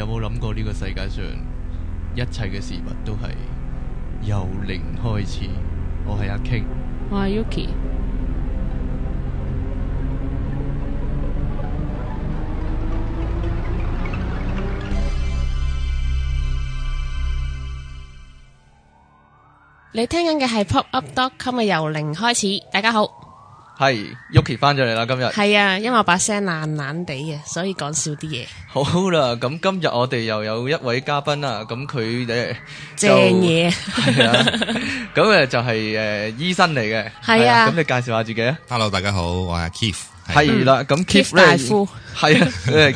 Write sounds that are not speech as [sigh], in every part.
有冇諗過呢個世界上一切嘅事物都係由零開始？我係阿 K，我係 Yuki。你聽緊嘅係 PopUp.Com 嘅由零開始。大家好。係，Yuki 翻咗嚟啦，今日係啊，因為我把聲爛爛哋嘅，所以講少啲嘢。好啦，咁今日我哋又有一位嘉賓啦，咁佢嘅正嘢，咁就係誒 [laughs] 是、啊 [laughs] 就是呃、 [laughs] 醫生嚟嘅，係啊，咁、啊、你介紹下自己啊。Hello，大家好，我係 Keith，係啦，咁 Keith 大夫，係啊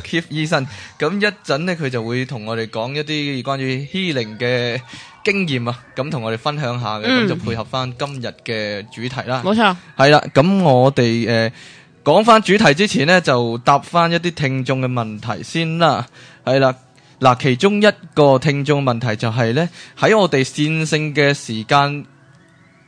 ，Keith 醫生，咁一陣咧佢就會同我哋講一啲關於 healing 嘅。經驗啊，咁同我哋分享下嘅，咁就配合翻今日嘅主題啦。冇錯，係啦。咁我哋誒講翻主題之前呢，就答翻一啲聽眾嘅問題先啦。係啦，嗱，其中一個聽眾問題就係呢，喺我哋線性嘅時間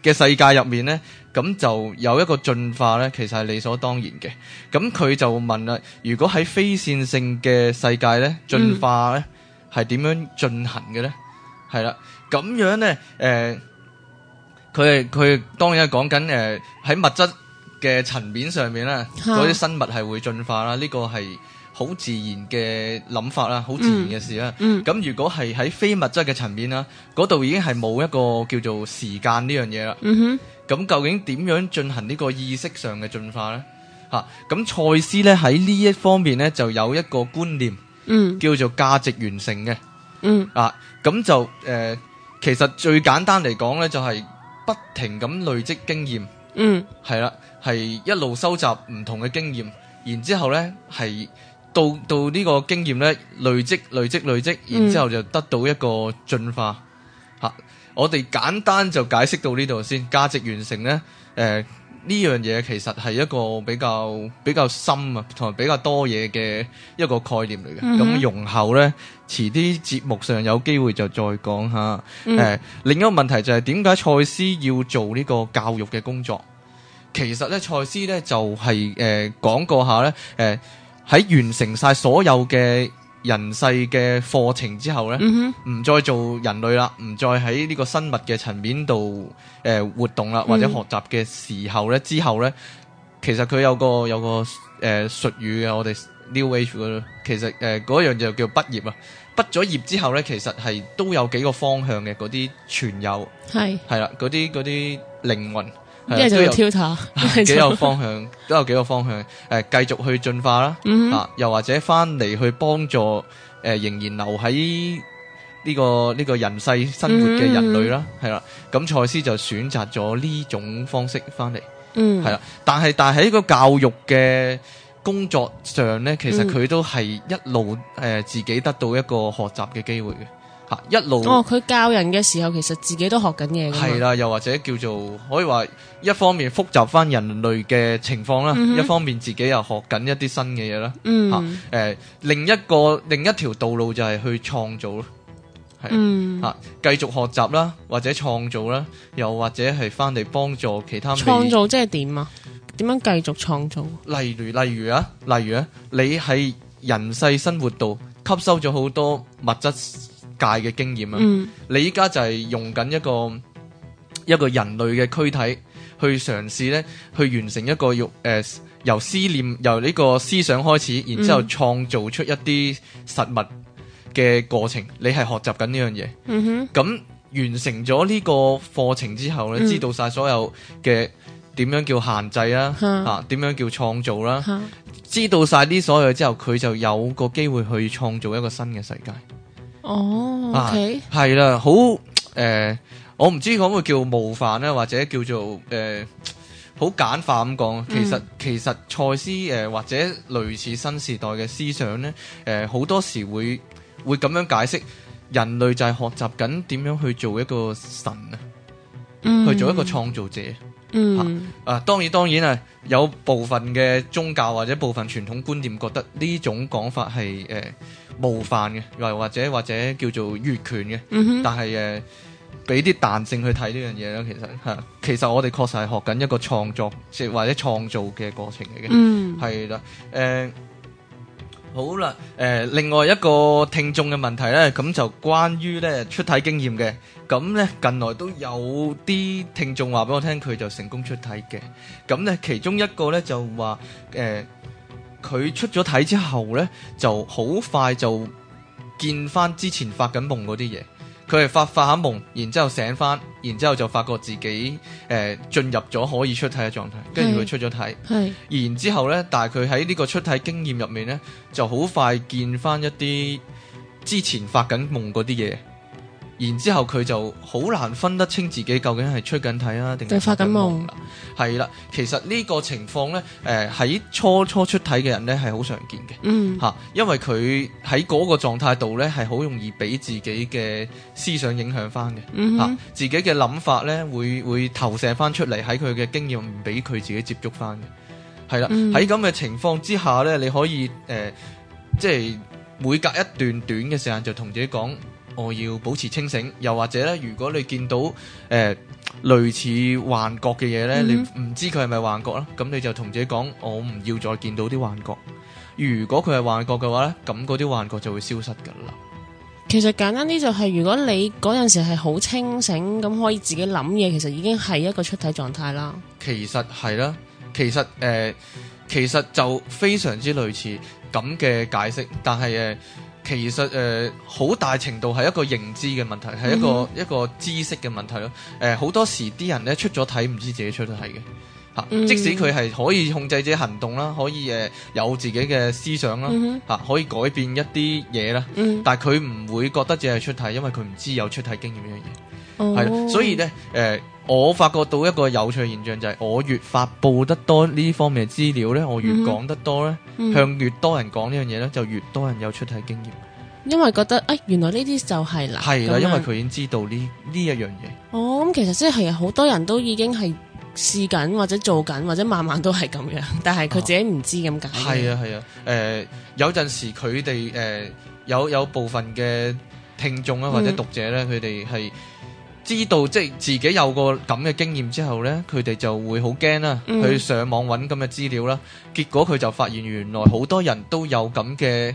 嘅世界入面呢，咁就有一個進化呢，其實係理所當然嘅。咁佢就問啦，如果喺非線性嘅世界呢，進化呢係點樣進行嘅呢？係啦。咁樣咧，誒，佢佢當然係講緊誒喺物質嘅層面上面咧，嗰啲生物係會進化啦，呢個係好自然嘅諗法啦，好自然嘅事啦。咁如果係喺非物質嘅層面啦，嗰度已經係冇一個叫做時間呢樣嘢啦。咁究竟點樣進行呢個意識上嘅進化咧？吓，咁賽斯咧喺呢一方面咧就有一個觀念，嗯，叫做價值完成嘅，嗯，啊，咁就誒。其實最簡單嚟講呢，就係不停咁累積經驗，嗯，係啦，係一路收集唔同嘅經驗，然之後呢係到到呢個經驗呢累積累積累積，然之後就得到一個進化吓、嗯。我哋簡單就解釋到呢度先，價值完成呢，誒、呃。呢樣嘢其實係一個比較比較深啊，同埋比較多嘢嘅一個概念嚟嘅。咁、mm-hmm. 容後呢，遲啲節目上有機會就再講下、mm-hmm. 呃。另一個問題就係點解賽斯要做呢個教育嘅工作？其實呢，賽斯呢就係誒講過下呢，喺、呃、完成晒所有嘅。人世嘅課程之後咧，唔、mm-hmm. 再做人類啦，唔再喺呢個生物嘅層面度誒、呃、活動啦，或者學習嘅時候咧，mm-hmm. 之後咧，其實佢有個有個誒、呃、術語嘅，我哋 new age 嘅，其實誒嗰、呃、樣就叫畢業啊。畢咗業之後咧，其實係都有幾個方向嘅嗰啲存有，係係啦，嗰啲嗰啲靈魂。係，都有、啊、幾有方向，都有幾個方向，誒、呃，繼續去進化啦，mm-hmm. 啊，又或者翻嚟去幫助、呃、仍然留喺呢、這個呢、這個人世生活嘅人類啦，啦、mm-hmm.，咁蔡斯就選擇咗呢種方式翻嚟，係、mm-hmm. 啦，但係但係喺個教育嘅工作上咧，其實佢都係一路、呃、自己得到一個學習嘅機會嘅。吓，一路哦，佢教人嘅時候，其實自己都學緊嘢嘅。係啦，又或者叫做可以話，一方面複雜翻人類嘅情況啦、嗯，一方面自己又學緊一啲新嘅嘢啦。嗯、吓、啊，誒、呃，另一個另一條道路就係去創造咯，係吓，繼、嗯啊、續學習啦，或者創造啦，又或者係翻嚟幫助其他。創造即係點啊？點樣繼續創造？例如例如啊，例如啊，你喺人世生活度吸收咗好多物質。界嘅經驗啊、嗯，你依家就係用緊一個一個人類嘅軀體去嘗試呢去完成一個由誒、呃、由思念由呢個思想開始，然之後創造出一啲實物嘅過程。嗯、你係學習緊呢樣嘢，咁、嗯、完成咗呢個課程之後咧、嗯，知道晒所有嘅點樣叫限制啦，嚇、啊、點、啊、樣叫創造啦、啊，知道晒啲所有之後，佢就有個機會去創造一個新嘅世界。哦、oh, okay. 啊，係啦，好誒、呃，我唔知可唔可叫模範咧，或者叫做誒，好、呃、簡化咁講，其實、嗯、其實賽斯、呃、或者類似新時代嘅思想咧，誒、呃、好多時會會咁樣解釋人類就係學習緊點樣去做一個神啊、嗯，去做一個創造者，嗯啊，當然當然啊，有部分嘅宗教或者部分傳統觀念覺得呢種講法係誒。呃冒犯嘅，又或者或者叫做越權嘅，但係誒，俾啲彈性去睇呢樣嘢咧，其實吓，其實我哋確實係學緊一個創作，即係或者創造嘅過程嚟嘅，係啦，誒，好啦，誒，另外一個聽眾嘅問題咧，咁就關於咧出體經驗嘅，咁咧近來都有啲聽眾話俾我聽，佢就成功出體嘅，咁咧其中一個咧就話，誒。佢出咗體之後呢，就好快就見翻之前發緊夢嗰啲嘢。佢係發發下夢，然之後醒翻，然之後就發覺自己誒、呃、進入咗可以出體嘅狀態，跟住佢出咗體。係，然之後呢，但係佢喺呢個出體經驗入面呢，就好快見翻一啲之前發緊夢嗰啲嘢。然之後佢就好難分得清自己究竟係出緊體啊，定係發緊夢啦。係啦，其實呢個情況呢，誒、呃、喺初初出體嘅人呢，係好常見嘅，嚇、嗯，因為佢喺嗰個狀態度呢，係好容易俾自己嘅思想影響翻嘅，嚇、嗯，自己嘅諗法呢，會會投射翻出嚟喺佢嘅經驗，唔俾佢自己接觸翻嘅。係啦，喺咁嘅情況之下呢，你可以誒、呃，即係每隔一段短嘅時間就同自己講。我要保持清醒，又或者咧，如果你見到誒、呃、類似幻覺嘅嘢咧，你唔知佢係咪幻覺啦，咁你就同自己講，我唔要再見到啲幻覺。如果佢係幻覺嘅話咧，咁嗰啲幻覺就會消失噶啦。其實簡單啲就係、是，如果你嗰陣時係好清醒，咁可以自己諗嘢，其實已經係一個出體狀態啦。其實係啦，其實誒、呃，其實就非常之類似咁嘅解釋，但係誒。呃其實誒好、呃、大程度係一個認知嘅問題，係一個、嗯、一個知識嘅問題咯。誒、呃、好多時啲人咧出咗體唔知自己出咗體，嘅嚇、啊嗯，即使佢係可以控制自己行動啦，可以誒、呃、有自己嘅思想啦嚇、嗯啊，可以改變一啲嘢啦，但係佢唔會覺得自己係出體，因為佢唔知有出體經驗呢樣嘢，係、哦、所以咧誒。呃我發覺到一個有趣現象就係，我越發布得多呢方面嘅資料呢，我越講得多呢、嗯嗯、向越多人講呢樣嘢呢就越多人有出體經驗。因為覺得，哎，原來呢啲就係啦。係啦，因為佢已經知道呢呢一樣嘢。哦，咁、嗯、其實即係好多人都已經係試緊或者做緊或者慢慢都係咁樣，但係佢自己唔知咁解。係啊係啊，誒、呃、有陣時佢哋誒有有部分嘅聽眾啊或者讀者呢，佢哋係。知道即係自己有個咁嘅經驗之後咧，佢哋就會好驚啦，去上網揾咁嘅資料啦。結果佢就發現原來好多人都有咁嘅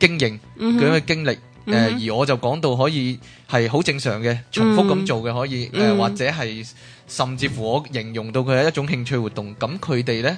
經驗，咁嘅經歷。誒，而我就講到可以係好正常嘅重複咁做嘅可以，誒或者係甚至乎我形容到佢係一種興趣活動。咁佢哋咧？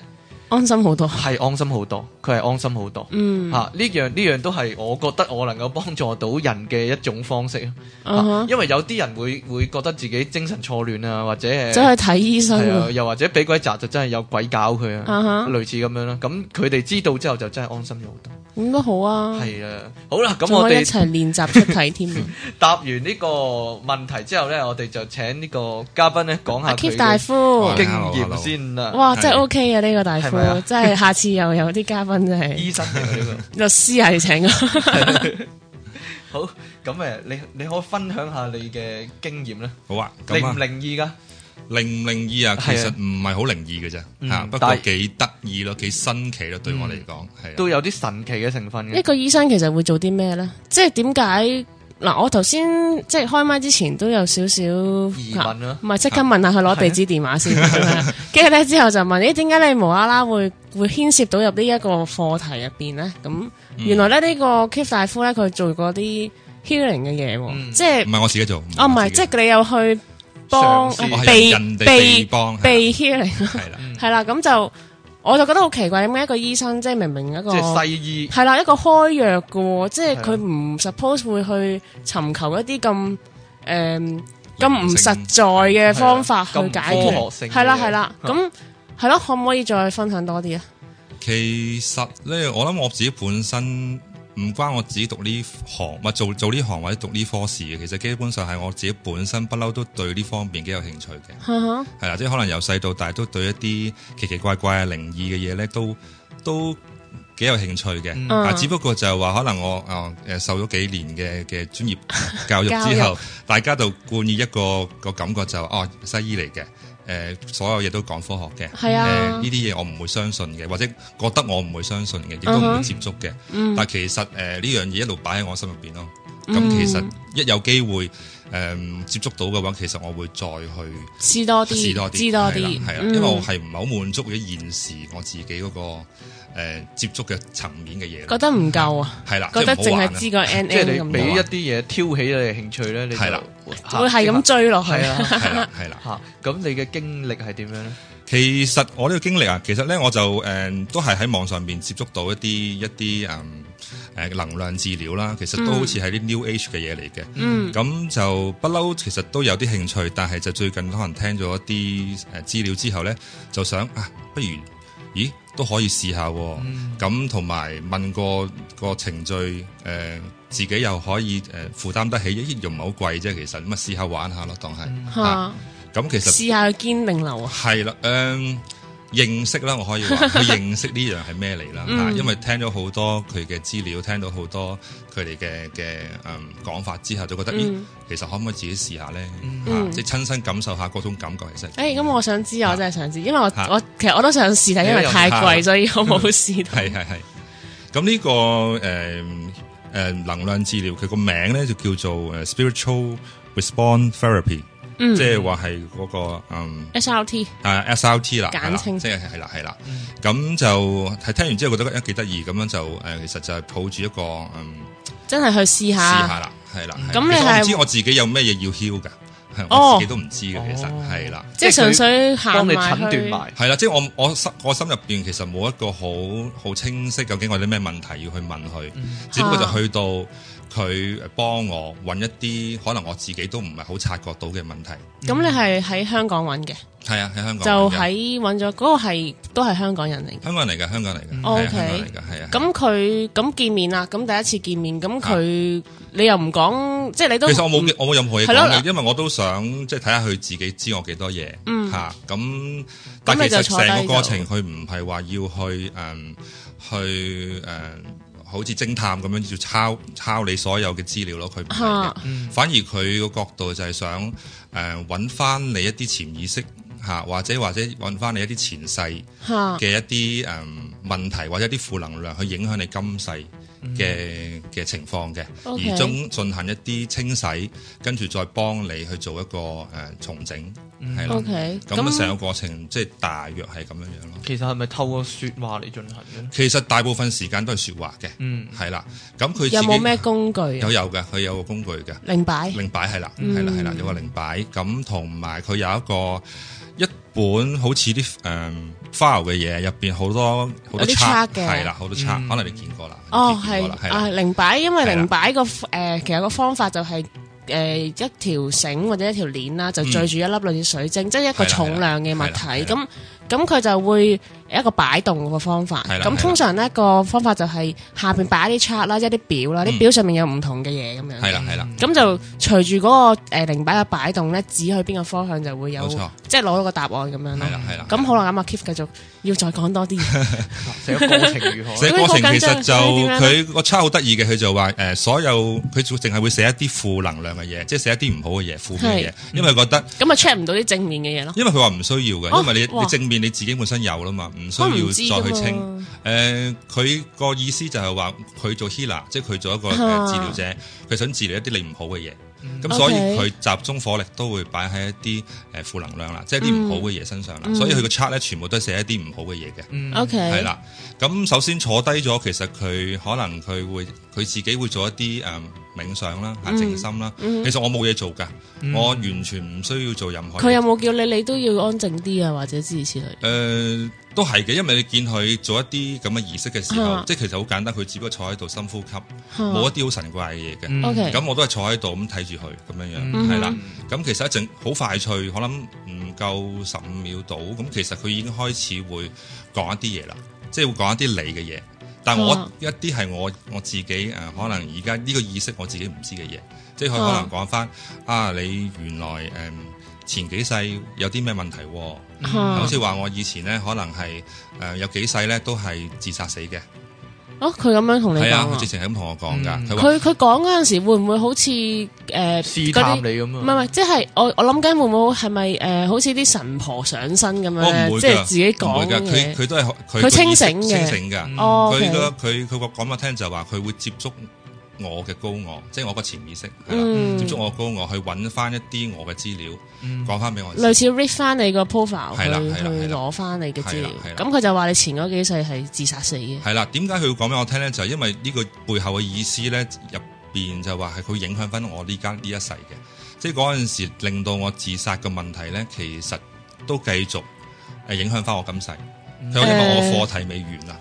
安心好多，係安心好多，佢係安心好多。嗯，吓、啊、呢樣呢樣都係我覺得我能夠幫助到人嘅一種方式、啊啊、因為有啲人會會覺得自己精神錯亂啊，或者走去睇醫生、啊，又或者俾鬼扎就真係有鬼搞佢啊。類似咁樣咯。咁佢哋知道之後就真係安心咗好多。應該好啊。係啊，好啦，咁我哋一齊練習出題添 [laughs] 答完呢個問題之後呢，我哋就請呢個嘉賓呢講下經驗阿 Kiff 大夫經驗先啦。哇，真、啊、係、啊、OK 啊，呢、這個大夫。是真、哦、係下次又有啲嘉賓， [laughs] 真係。醫生係請，律師係請， [laughs] [laughs] [laughs] 好咁。誒，你你可以分享下你嘅經驗咧。好啊，靈唔靈異噶？靈唔靈異啊？其實唔係好靈異嘅啫，吓，不過幾得意咯，幾新奇咯，嗯，對我嚟講係。都有啲神奇嘅成分嘅。一個醫生其實會做啲咩咧？即係點解？嗱、啊，我頭先即係開麥之前都有少少疑問咯，唔係即刻問下佢攞地址電話先，跟住咧之後就問，咦，點解你無啦啦會會牽涉到入呢一個課題入邊咧？咁、嗯、原來咧呢、嗯這個 Keep 大夫咧佢做過啲 healing 嘅嘢喎、嗯，即係唔係我自己做？哦、唔、啊、係，即係你有去幫被人人被幫被 healing，係啦，係啦、啊，咁 [laughs] 就是的。 [laughs] [laughs] 我就覺得好奇怪，點解一個醫生即係明明一個即係西醫，係啦，一個開藥嘅，即係佢唔 suppose 會去尋求一啲咁誒咁唔實在嘅方法去解決，係啦係啦，咁係咯，錯可唔可以再分享多啲啊？其實咧，我諗我自己本身，唔關我自己讀呢行，做做呢行或者讀呢科事嘅，其實基本上係我自己本身不嬲都對呢方面幾有興趣嘅，係、嗯、啦，即係可能由細到大都對一啲奇奇怪怪啊靈異嘅嘢咧，都都幾有興趣嘅。但、嗯、只不過就係話，可能我、呃、受咗幾年嘅嘅專業教育之後，大家就冠以一個個感覺就係、哦、西醫嚟嘅。誒、呃、所有嘢都講科學嘅，係啊、誒呢啲嘢我唔會相信嘅，或者覺得我唔會相信嘅，亦都唔會接觸嘅、嗯。但其實誒呢、呃嗯、樣嘢一路擺喺我心入邊咯。咁、嗯、其實一有機會誒、呃、接觸到嘅話，其實我會再去試多啲，試多啲，知多啲、嗯。因為我係唔係好滿足於現時我自己嗰、嗰個。誒、嗯，接觸嘅層面嘅嘢，覺得唔夠啊，係啦，覺得淨係知個 N L，即係你俾一啲嘢挑起你嘅興趣咧，係啦，會係咁追落去啦，係啦，係啦，吓，咁你嘅經歷係點樣咧？其實我呢個經歷啊，其實咧我就誒、嗯、都係喺網上邊接觸到一啲一啲誒誒能量治療啦，其實都好似係啲 New Age 嘅嘢嚟嘅，嗯，咁就不嬲，其實都有啲興趣，但係就最近可能聽咗一啲誒資料之後咧，就想啊，不如，咦？都可以試下，咁同埋問過個程序，誒、呃、自己又可以誒負擔得起，一啲又唔係好貴啫，其實咁啊試下玩下咯，當係嚇，咁、嗯啊、其實試下去堅定樓啊，係啦，嗯、呃。認識啦，我可以話佢認識呢樣係咩嚟啦，因為聽咗好多佢嘅資料，聽到好多佢哋嘅嘅誒講法之後，就覺得咦、嗯，其實可唔可以自己試下咧、嗯嗯，即係親身感受下嗰種感覺，其實咁我想知，我想知啊我，啊，我真係想知，因為我我其實我都想試，但因為太貴，所以我冇試、嗯。係係係。咁呢個誒、呃呃、能量治療，佢個名咧就叫做 spiritual response therapy。即係話係嗰個嗯，S L T 啊，S R T 啦，簡稱即係係啦係啦，咁就係、是嗯、聽完之後覺得一幾得意，咁樣就誒、呃，其實就係抱住一個嗯，真係去試下試下啦，係啦。咁、嗯、你唔知我自己有咩嘢要 h u、哦、我自己都唔知嘅、哦就是、其實係啦。即係純粹行埋係啦。即係我我心我心入邊其實冇一個好好清晰究竟我啲咩問題要去問佢、嗯，只不過就去到。佢幫我揾一啲可能我自己都唔係好察覺到嘅問題。咁你係喺香港揾嘅？係啊，喺香港揾。就喺揾咗嗰個係都係香港人嚟。香港人嚟㗎，香港嚟㗎。OK，係啊。咁佢咁見面啦，咁第一次見面，咁佢你又唔講，即係你都其實我冇、嗯、我冇任何嘢，因為我都想即係睇下佢自己知我幾多嘢。嗯，吓咁，但其實成個過程佢唔係話要去嗯去嗯好似偵探咁樣要抄抄你所有嘅資料咯，佢唔係，反而佢個角度就係想、呃、搵返你一啲潛意識或者或者揾翻你一啲前世嘅一啲、嗯、問題或者一啲負能量去影響你今世嘅嘅、嗯、情況嘅、okay，而中進行一啲清洗，跟住再幫你去做一個、呃、重整。係、嗯、啦，ok 咁啊，成個過程即係、就是、大約係咁樣樣咯。其實係咪透過說話嚟進行嘅？其實大部分時間都係說話嘅，嗯，係啦。咁佢有冇咩工具？有有嘅，佢有個工具嘅。靈擺，靈擺，係啦，係啦，係、嗯、啦，有個靈擺。咁同埋佢有一個，有有一,個一本好似啲誒 file 嘅嘢，入邊好多好多 card 嘅，係啦，好、呃、多 card、嗯、可能你見過啦。哦，係，啊靈擺，因為靈擺個誒，其實個方法就係、是。誒、呃、一條繩或者一條鏈啦，就墜住一粒類似水晶，嗯、即係一個重量嘅物體，咁咁佢就會一個擺動個方法，咁通常呢個方法就係下邊擺啲 chart 啦，即係、一啲表啦，啲、嗯、表上面有唔同嘅嘢咁樣。係啦係啦，咁、嗯、就隨住嗰個誒零擺嘅擺動咧，指去邊個方向就會有，即係攞到一個答案咁樣咯。啦咁好啦，咁啊 keep 繼續要再講多啲 [laughs] 寫過程如何？ [laughs] 寫過程其實就佢、那個 chart 好得意嘅，佢就話誒、呃、所有佢仲淨係會寫一啲負能量嘅嘢，即、就、係、係、寫一啲唔好嘅嘢，負面嘅嘢，因為覺得咁啊 check 唔到啲正面嘅嘢咯。因為佢話唔需要嘅、哦，因為你，你正面你自己本身有啦嘛。唔需要再去清，誒、啊呃，佢個意思就係話佢做 Healer 即係佢做一個治療者，佢、啊、想治療一啲你唔好嘅嘢，咁、嗯、所以佢集中火力都會擺喺一啲誒負能量啦，嗯、即係一啲唔好嘅嘢身上啦，嗯、所以佢個 chart 咧全部都係寫一啲唔好嘅嘢嘅，OK，係啦，咁首先坐低咗，其實佢可能佢會佢自己會做一啲誒冥想啦、靜、呃啊、心啦，嗯、其實我冇嘢做噶，嗯、我完全唔需要做任何，佢有冇叫你你都要安靜啲啊，或者諸如此類，誒、呃。都係嘅，因為你見佢做一啲咁嘅儀式嘅時候，啊、即係其實好簡單，佢只不過坐喺度深呼吸，冇、啊、一啲好神怪嘅嘢嘅。咁、嗯嗯、我都係坐喺度咁睇住佢咁樣樣，係、嗯、啦。咁、嗯嗯、其實一陣好快脆，可能唔夠十五秒到。咁其實佢已經開始會講一啲嘢啦，即、就、係、是、會講一啲你嘅嘢。但我、啊、一啲係我我自己、呃、可能而家呢個意識我自己唔知嘅嘢，即係佢可能講翻啊，啊，你原來、呃前幾世有啲咩問題？嗯、好似話我以前咧，可能係有幾世咧都係自殺死嘅。哦，佢咁樣同你講啊？直情係咁同我講㗎。佢佢講嗰陣時，會唔會好似自、呃、試探你咁樣，唔係唔係？即係、就是、我我諗緊會唔會係咪、呃、好似啲神婆上身咁樣咧，即係、就是、自己講㗎？佢佢都係佢清醒嘅，清醒㗎。佢佢佢講講法聽就係話佢會接觸。我嘅高我，即係我個潛意識，係啦、嗯，接觸我高我去搵翻一啲我嘅資料，講翻俾我、嗯，類似 read 翻你個 profile，係啦，係啦，攞翻你嘅資料，咁佢就話你前嗰幾世係自殺死嘅。係啦，點解佢要講俾我聽咧？就係、是、因為呢個背後嘅意思咧，入邊就話係佢影響翻我依家呢一世嘅，即係嗰陣時令到我自殺嘅問題咧，其實都繼續誒影響翻我世佢、嗯、因為我課題未完啦，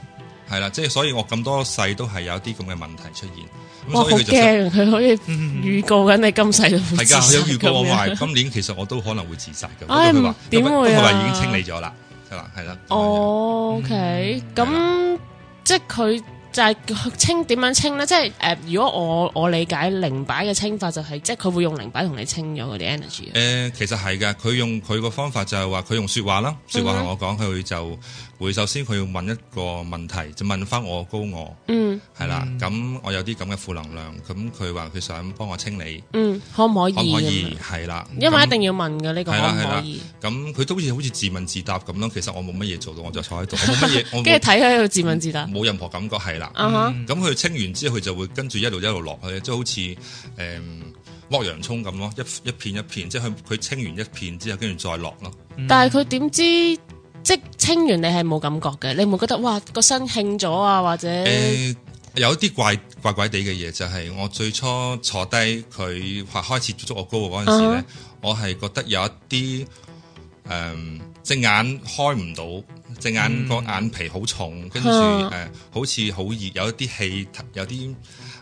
係啦，即係所以我咁多世都係有啲咁嘅問題出現。我好驚，佢可以預告緊你今世都會係噶，佢、嗯嗯、有預告我話 [laughs] 今年其實我都可能會自殺嘅。我唔點會啊？佢話已經清理咗啦，係嘛，係啦。哦，OK，咁、嗯、即係佢就係清點樣清咧？即係誒、呃，如果我我理解靈擺嘅清法就係、是，即係佢會用靈擺同你清咗嗰啲 energy、呃。誒，其實係噶，佢用佢個方法就係話佢用說話啦，說話同我講佢、okay. 就。會首先佢要問一個問題，就問翻我高我，嗯，係啦，咁、嗯、我有啲咁嘅負能量，咁佢話佢想幫我清理，嗯，可唔可，可，可以？可唔可以？係啦，因為一定要問嘅呢、呢個可唔可以？咁佢都好似好似自問自答咁咯，其實我冇乜嘢做到，我就坐喺度，冇乜嘢，我跟住睇佢喺度自問自答，冇任何感覺，係啦，咁、嗯、佢、嗯、清完之後，佢就會跟住一路一路落去，即好似嗯，剝洋蔥咁咯，一一片一片，即係佢佢清完一片之後，跟住再落咯、嗯。但係佢點知道？即清完你係冇感覺嘅，你會唔會覺得哇個身輕咗啊，或者？誒、呃，有啲怪怪怪地嘅嘢就係、是、我最初坐低佢話開始接觸我高嗰陣時咧，uh-huh. 我係覺得有一啲誒，隻、呃、眼開唔到，隻眼個眼皮好重，跟住誒，好似好熱，有一啲氣，有啲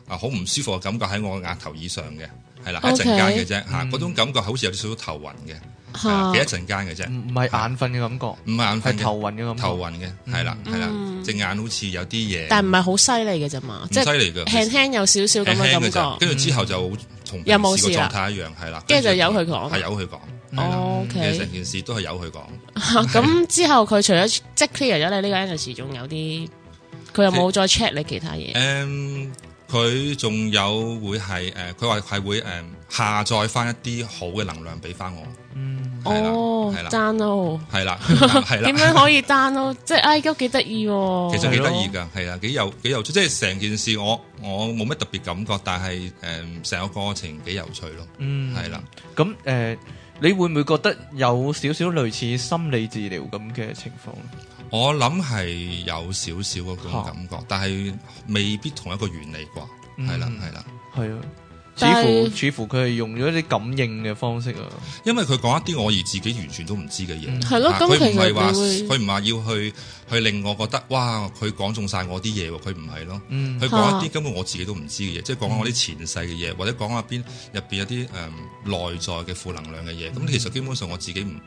啊好唔舒服嘅感覺喺我額頭以上嘅，係啦，在一陣間嘅啫吓，嗰、okay. 種感覺好似有啲少少頭暈嘅。幾一陣間嘅啫，唔唔係眼瞓嘅感覺，唔係眼瞓，頭暈嘅咁，頭暈嘅係啦，係啦，隻、嗯、眼好似有啲嘢、嗯嗯，但係唔係好犀利嘅啫嘛，即係犀利嘅輕輕有少少咁嘅感覺，跟住、嗯、之後就同，有冇事啦狀態一樣係啦，跟住、啊、就由佢講，係由佢講，OK 成件事都係由佢講。咁、嗯嗯、 [laughs] 之後佢除咗即係 clear 咗你呢個 energy 仲有啲佢又冇再 check 你其他嘢。佢、嗯、仲有會係誒，佢話係會誒、呃、下載翻一啲好嘅能量俾翻我。係、哦、啦，係啦，單咯，係啦，係啦，點 [laughs] 樣可以單咯？即係哎，而家幾得意喎。其實幾得意噶，係啦，幾有幾有趣。即係成件事我，我我冇乜特別感覺，但係誒，成、嗯、個過程幾有趣咯。嗯，係啦。咁、呃、誒，你會唔會覺得有少少類似心理治療咁嘅情況？我諗係有少少嗰感覺，啊、但係未必同一個原理啩。係啦，係、嗯、啦，係啊。似乎似乎佢係用咗啲感應嘅方式啊，因為佢講一啲我而自己完全都唔知嘅嘢，係、嗯、咯，佢唔係話佢唔話要去去令我覺得哇，佢講中晒我啲嘢喎，佢唔係咯，佢、嗯、講一啲根本我自己都唔知嘅嘢、嗯，即係講我啲前世嘅嘢、嗯，或者講下邊入邊有啲誒內在嘅負能量嘅嘢，咁、嗯、其實基本上我自己唔誒、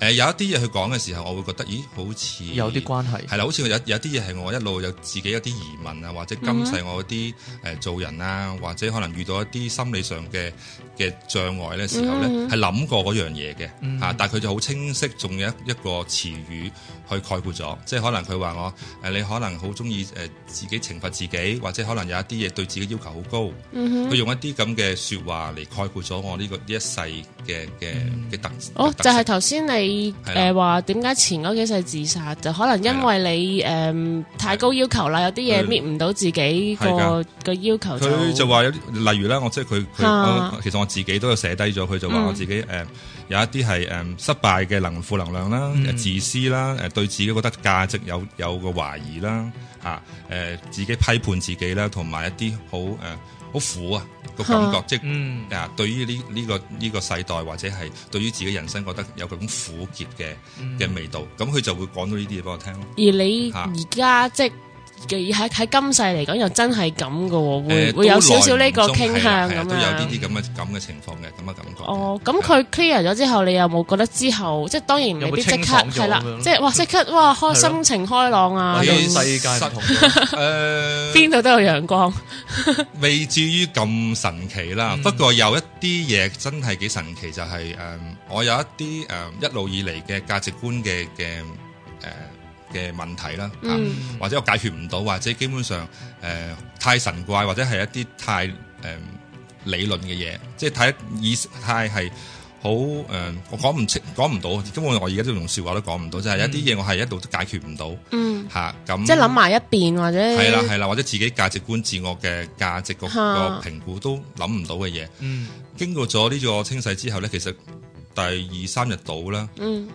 呃、有一啲嘢佢講嘅時候，我會覺得咦好似有啲關係，係啦，好似有有啲嘢係我一路有自己一啲疑問啊，或者今世我啲誒、嗯呃、做人啊，或者可能遇到一啲。心理上嘅嘅障礙咧，時候咧係諗過樣嘢嘅吓，但係佢就好清晰，仲有一一個詞語去概括咗，即係可能佢話我誒、呃、你可能好中意誒自己懲罰自己，或者可能有一啲嘢對自己要求好高，佢、嗯、用一啲咁嘅說話嚟概括咗我呢個呢一世嘅嘅嘅特質哦，就係頭先你誒話點解前嗰幾世自殺就可能因為你誒、呃、太高要求啦，有啲嘢搣唔到自己個、嗰個要求就，佢就話有啲例如咧，我。即係佢佢，其實我自己都有寫低咗，佢就話我自己誒、嗯呃、有一啲係誒失敗嘅能負能量啦、嗯，自私啦，誒對自己覺得價值有有個懷疑啦，吓、啊、誒、呃、自己批判自己啦，同埋一啲好誒好苦啊個感覺，嗯、即係啊、嗯、對於呢呢個呢、這個世代或者係對於自己人生覺得有種苦澀嘅嘅味道，咁佢就會講到呢啲嘢俾我聽咯。而你而家即、啊喺喺今世嚟講，又真係咁嘅喎，會會有少少呢個傾向咁都，都有啲啲咁嘅咁嘅情況嘅咁嘅感覺。哦，咁佢 clear 咗之後，你有冇覺得之後，即係當然未必即刻係啦，即係哇即刻哇開心情開朗啊！世界唔同，邊 [laughs] 度、呃、都有陽光，未 [laughs] 至於咁神奇啦。不過有一啲嘢真係幾神奇，就係、是、誒、呃，我有一啲誒、呃、一路以嚟嘅價值觀嘅嘅。的嘅問題啦、嗯，或者我解決唔到，或者基本上誒、呃、太神怪，或者係一啲太誒、呃、理論嘅嘢，即係太意識太係好誒、呃，我講唔清講唔到，根本我而家都用說話都講唔到，即、嗯、係、就是、一啲嘢我係一度都解決唔到，嚇、嗯、咁、啊。即係諗埋一邊或者係啦係啦，或者自己價值觀、自我嘅價值個個、啊、評估都諗唔到嘅嘢、嗯。經過咗呢個清洗之後咧，其實第二三日到啦，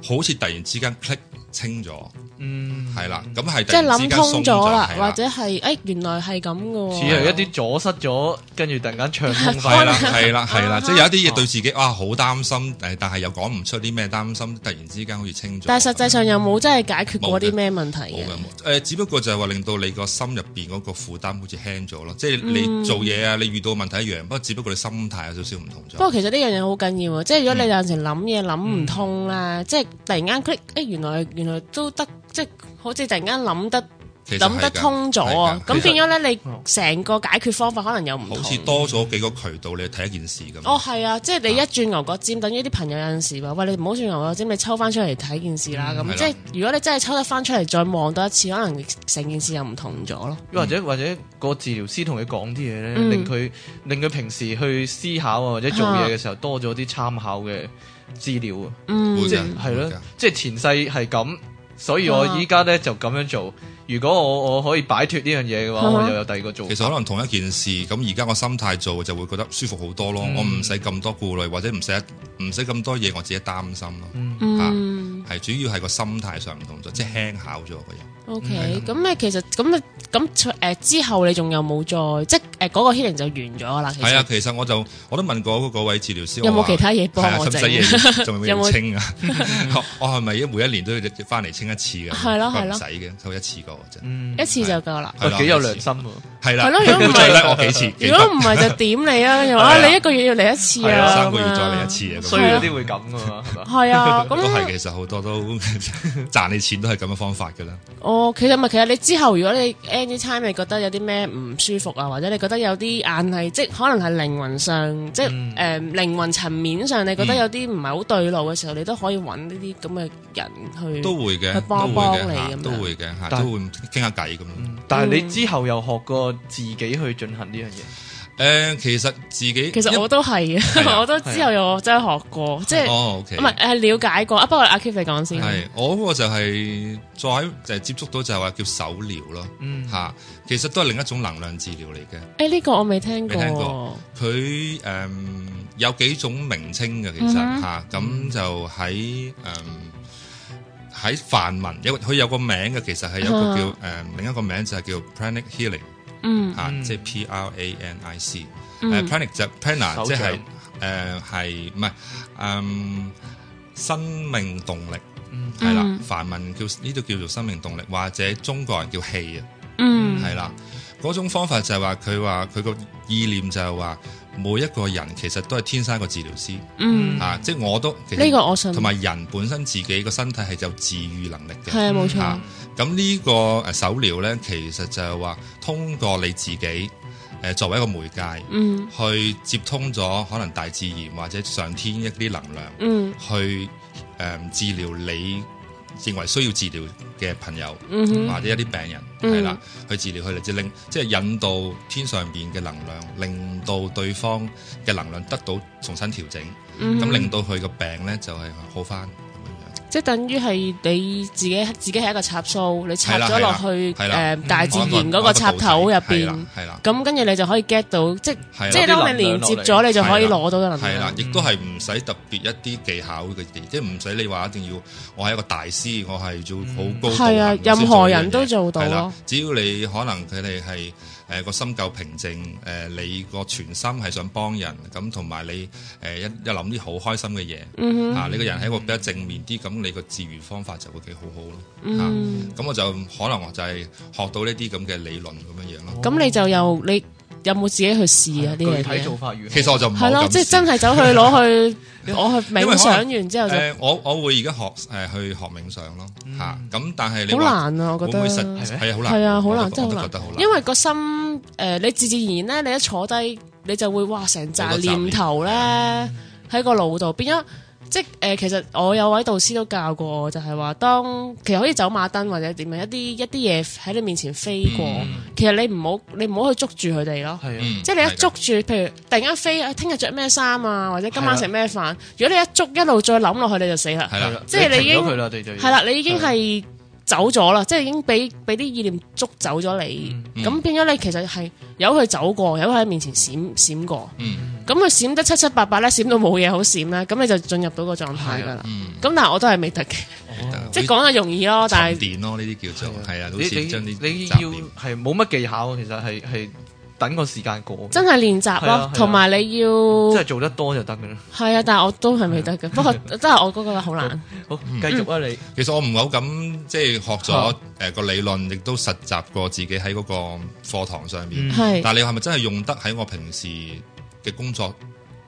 好似突然之間 click，清咗，嗯，係啦，咁係即係諗通咗啦，或者係誒、哎，原來係咁噶喎，似係一啲阻塞咗，跟住突然間暢通，係 [laughs] 啦，係啦、啊，即係有一啲嘢對自己啊好擔心，但係又講唔出啲咩擔心，突然之間好似清咗，但係實際上又冇真係解決過啲咩問題，冇嘅冇，誒、呃，只不過就係話令到你個心入邊嗰個負擔好似輕咗咯，即、嗯、係、就是、你做嘢啊，你遇到問題一樣，不過只不過你心態有少少唔同咗、嗯。不過其實呢樣嘢好緊要啊，即係如果你有陣時諗嘢諗唔通咧、嗯嗯，即係突然間，誒、哎，原來。都得，即係好似突然間諗得諗得通咗啊！咁變咗咧，你成個解決方法可能又唔同，好似多咗幾個渠道你去睇一件事咁。哦，係啊，即係你一轉牛角尖，等於啲朋友有陣時話：喂，你唔好轉牛角尖，你抽翻出嚟睇件事啦。咁即係如果你真係抽得翻出嚟，再望多一次，可能成件事又唔同咗咯。或者或者個治療師同佢講啲嘢咧，令佢令佢平時去思考啊或者做嘢嘅時候多咗啲參考嘅資料啊，即係咯，即係前世係咁，所以我依家咧就咁樣做。如果我我可以擺脫呢樣嘢嘅話，啊、我又有第二個做。其實可能同一件事，咁而家我心態做就會覺得舒服好多咯。嗯、我唔使咁多顧慮，或者唔使唔使咁多嘢，我自己擔心咯。吓，係主要係個心態上唔同咗，即係輕巧咗個人。O K，咁咧，其實咁啊，咁誒之後你仲有冇再，即係誒嗰個 healing 就完咗噶啦？係啊，其實我就我都問過嗰位治療師，有冇其他嘢幫我仲 [laughs] 有冇清啊？我係咪每一年都要翻嚟清一次嘅？係咯，係咯，唔使嘅，就一次過嘅啫，一次就夠啦。幾有良心啊！係囉，如果唔係，like 幾幾，如果唔係就點你啊？又 [laughs] 啊，你一個月要嚟一次啊，三個月再嚟一次啊，所以啲會咁噶嘛？係啊，都係、嗯、其實好多都賺你錢都係咁嘅方法噶啦。哦，其實咪，其實你之後如果你 any time 你覺得有啲咩唔舒服啊，或者你覺得有啲硬係即可能係靈魂上、嗯、即係誒靈魂層面上你覺得有啲唔係好對路嘅時候、嗯，你都可以揾呢啲咁嘅人去都會嘅，幫幫你咁，都會嘅，都會傾下偈咁。但係你之後又學過自己去進行呢樣嘢？誒、嗯呃，其實自己其實我都係，是啊、 [laughs] 我都之後又真係學過，即係、啊就是、哦，唔係誒了解過。不過阿 Kip 你講先，係我嗰個就係再就係接觸到就係話叫手療咯，吓、嗯，其實都係另一種能量治療嚟嘅。誒、欸、呢、呢個我未聽過，佢誒、嗯、有幾種名稱嘅，其實吓咁、嗯、就喺誒。嗯喺梵文有佢有個名嘅，其實係有個叫、哦呃、另一個名字就係叫 pranic healing、嗯啊、pranic healing，即係 P R A N I C，pranic 就 prana，即係誒係唔係嗯、uh, 就是呃呃呃呃、生命動力，係、嗯、啦，梵文叫呢度叫做生命動力，或者中國人叫氣啊，係、嗯、啦，嗰種方法就係話佢話佢個意念就係話。每一個人其實都係天生個治療師，嚇、嗯啊，即係我都，呢、這個我信，同埋人本身自己個身體係有治愈能力嘅，係、嗯、啊，冇錯。咁、啊、呢個誒手療呢，其實就係話通過你自己誒、呃、作為一個媒介，嗯，去接通咗可能大自然或者上天一啲能量，嗯，去誒、呃、治療你。認為需要治療嘅朋友，或者一啲病人係啦，mm-hmm. mm-hmm. 去治療佢哋，即係令，即係引導天上邊嘅能量，令到對方嘅能量得到重新調整，咁、mm-hmm. 令到佢個病呢就係好返。即係等於係你自己，自己係一個插數，你插咗落去誒大自然嗰個插頭入邊，咁跟住你就可以 get 到，即係即係當你連接咗，你就可以攞到能量。係啦，亦都係唔使特別一啲技巧嘅嘢，即係唔使你話一定要我係一個大師，我係做好高，係啊，任何人都做到囉。只要你可能佢哋係。誒個心夠平靜，誒你個全心係想幫人，咁同埋你誒一一諗啲好開心嘅嘢，嚇、mm-hmm. 你個人喺個比較正面啲，咁你個治癒方法就會幾好好咯，嚇、mm-hmm. 咁、啊、我就可能我就係學到呢啲咁嘅理論咁樣樣咯。咁、哦、你就由你。有冇自己去試啊啲嘢？做法其實我就唔係咯，即、係、真係走去攞去， [laughs] 我去冥想完之後就、呃、我我會而家學去學冥想咯咁、嗯、但係你好難啊，我覺得、啊、會唔會實係啊？好難，係啊，好難，真係難，難。因為個心誒、呃，你自自然然咧，你一坐低你就會哇成扎念頭咧喺個腦度變咗。即係誒，其實我有位導師都教過我，就係話，當其實可以走馬燈或者點樣一啲一啲嘢喺你面前飛過，嗯、其實你唔好你唔好去捉住佢哋咯。係啊，即係你一捉住，譬如突然間飛，聽日着咩衫啊，或者今晚食咩飯？如果你一捉，一路再諗落去，你就死啦。係啦，即係你已經係啦，你已經係。走咗啦，即係已經俾俾啲意念捉走咗你，咁、嗯、變咗你其實係有佢走過，有佢喺面前閃閃過，咁佢閃得七七八八咧，閃到冇嘢好閃啦，咁你就進入到個狀態噶啦，咁、嗯、但係我都係未得嘅、嗯，即係講得容易咯、嗯，但係咯呢啲叫做係啊，你要係冇乜技巧，其實係係。等個時間過的，真係練習咯，同埋、啊啊、你要，即係做得多就得噶啦。係啊，但係我都係未得嘅，不過真係我嗰個 [laughs] 好難。好，繼續啊、嗯、你。其實我唔、就是、好咁即係學咗誒個理論，亦都實習過自己喺嗰個課堂上面。嗯、但係你係咪真係用得喺我平時嘅工作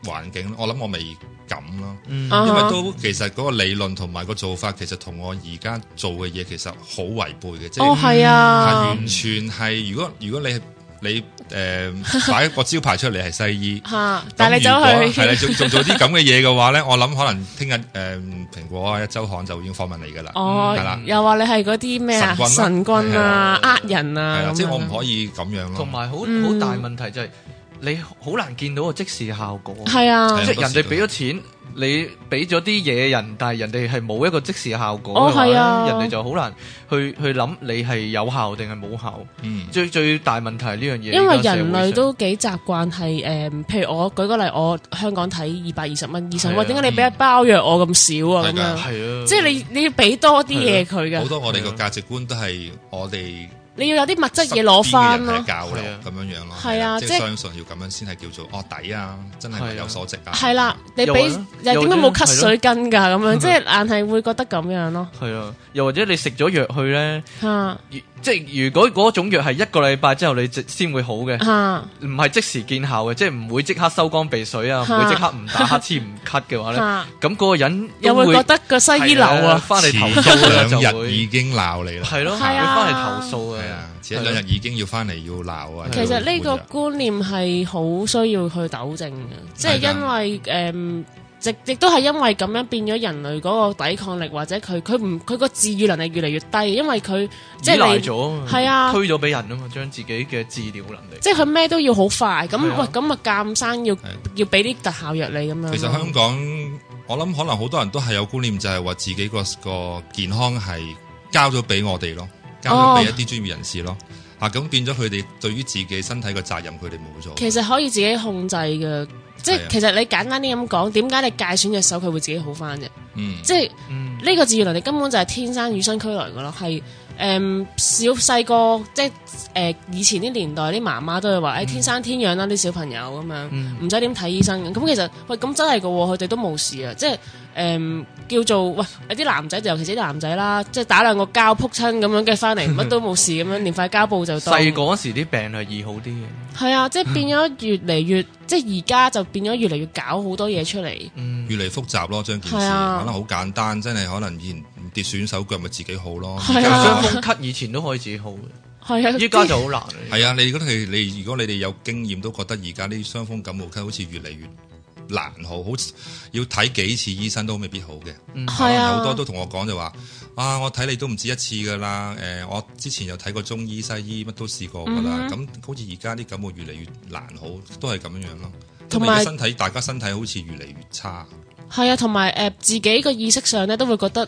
環境？我諗我未咁咯，因為都其實嗰個理論同埋個做法，其實同我而家做嘅嘢，其實好違背嘅、哦，即係係、啊嗯、完全係。如果如果你係。你誒、呃、擺一個招牌出嚟係西醫、 [laughs] 啊，但你走去係你 [laughs] 仲做啲咁嘅嘢嘅話咧，我諗可能聽日誒蘋果啊、一周刊就已經訪問你噶啦，係、嗯、啦，又話你係嗰啲咩神神棍啊、呃、啊、人啊，即係我唔可以咁樣咯、啊。同埋好好大問題就係、是嗯、你好難見到個即時效果，係啊，即係、就是、人哋俾咗錢。你俾咗啲嘢人，但係人哋係冇一個即時效果嘅話咧，哦啊、人哋就好難去去諗你係有效定係冇效。嗯，最最大問題係呢樣嘢。因為人類都幾習慣係誒，譬如我舉個例，我香港睇二百二十蚊，醫生喂，點解、啊、你俾一包藥我咁少的樣啊？咁樣，即係你你要俾多啲嘢佢噶。好的多我哋個價值觀都係我哋。你要有啲物質嘢攞翻咯，係啊，咁樣樣咯，即係相信要咁樣先係叫做哦抵啊，真係物有所值啊！係啦，你俾又點解冇咳水根㗎？咁樣即係硬係會覺得咁樣咯。係啊，又或者你食咗藥去咧，嚇，即係如果嗰種藥係一個禮拜之後你先會好嘅，嚇，唔係即時見效嘅，即係唔會即刻收乾鼻水啊，唔會即刻唔打乞嗤唔咳嘅話咧，咁嗰個人又會覺得個西醫流啊，翻嚟遲到兩日已經鬧你啦，係咯，佢翻嚟投訴嘅。一兩日已經要翻嚟要鬧啊！其實呢個觀念係好需要去糾正嘅，即係因為誒，直亦、嗯、都係因為咁樣變咗人類嗰個抵抗力，或者佢佢唔佢個治愈能力越嚟越低，因為佢依賴咗，係啊，推咗俾人啊嘛，將自己嘅治療能力，是即係佢咩都要好快咁，喂咁啊，監生要要俾啲特效藥你咁樣。其實香港，我諗可能好多人都係有觀念，就係話自己個個健康係交咗俾我哋咯。哦，俾一啲專業人士咯，嚇咁變咗佢哋對於自己身體嘅責任，佢哋冇咗。其實可以自己控制嘅，即係其實你簡單啲咁講，點解你界損隻手佢會自己好返啫？嗯，即係呢、嗯這個自愈能力根本就係天生與生俱來嘅咯，係。誒、嗯、小細個即係、呃、以前啲年代啲媽媽都係話誒天生天養啦啲小朋友咁樣，唔使點睇醫生咁。咁其實喂咁真係、嗯呃、個喎，佢哋都冇事 [laughs] 啊！即係誒叫做喂有啲男仔就尤其是啲男仔啦，即係打兩個交撲親咁樣嘅翻嚟，乜都冇事咁樣，連塊膠布就細個嗰時啲病係易好啲嘅，係啊！即係變咗越嚟越即係而家就變咗越嚟越搞好多嘢出嚟，越嚟複雜咯。張件事可能好簡單，真係可能現。跌損手腳咪自己好咯，傷風咳以前都可以自己好嘅，係啊，依家就好難。係啊，你覺得係你如果你哋有經驗都覺得而家啲傷風感冒咳好似越嚟越難好，好似要睇幾次醫生都未必好嘅。係、嗯、啊，好多都同我講就話啊，我睇你都唔止一次噶啦。誒，我之前又睇過中醫、西醫，乜都試過噶啦。咁、嗯、好似而家啲感冒越嚟越難好，都係咁樣樣咯。同埋身體，大家身體好似越嚟越差。係啊，同埋誒，自己個意識上咧都會覺得。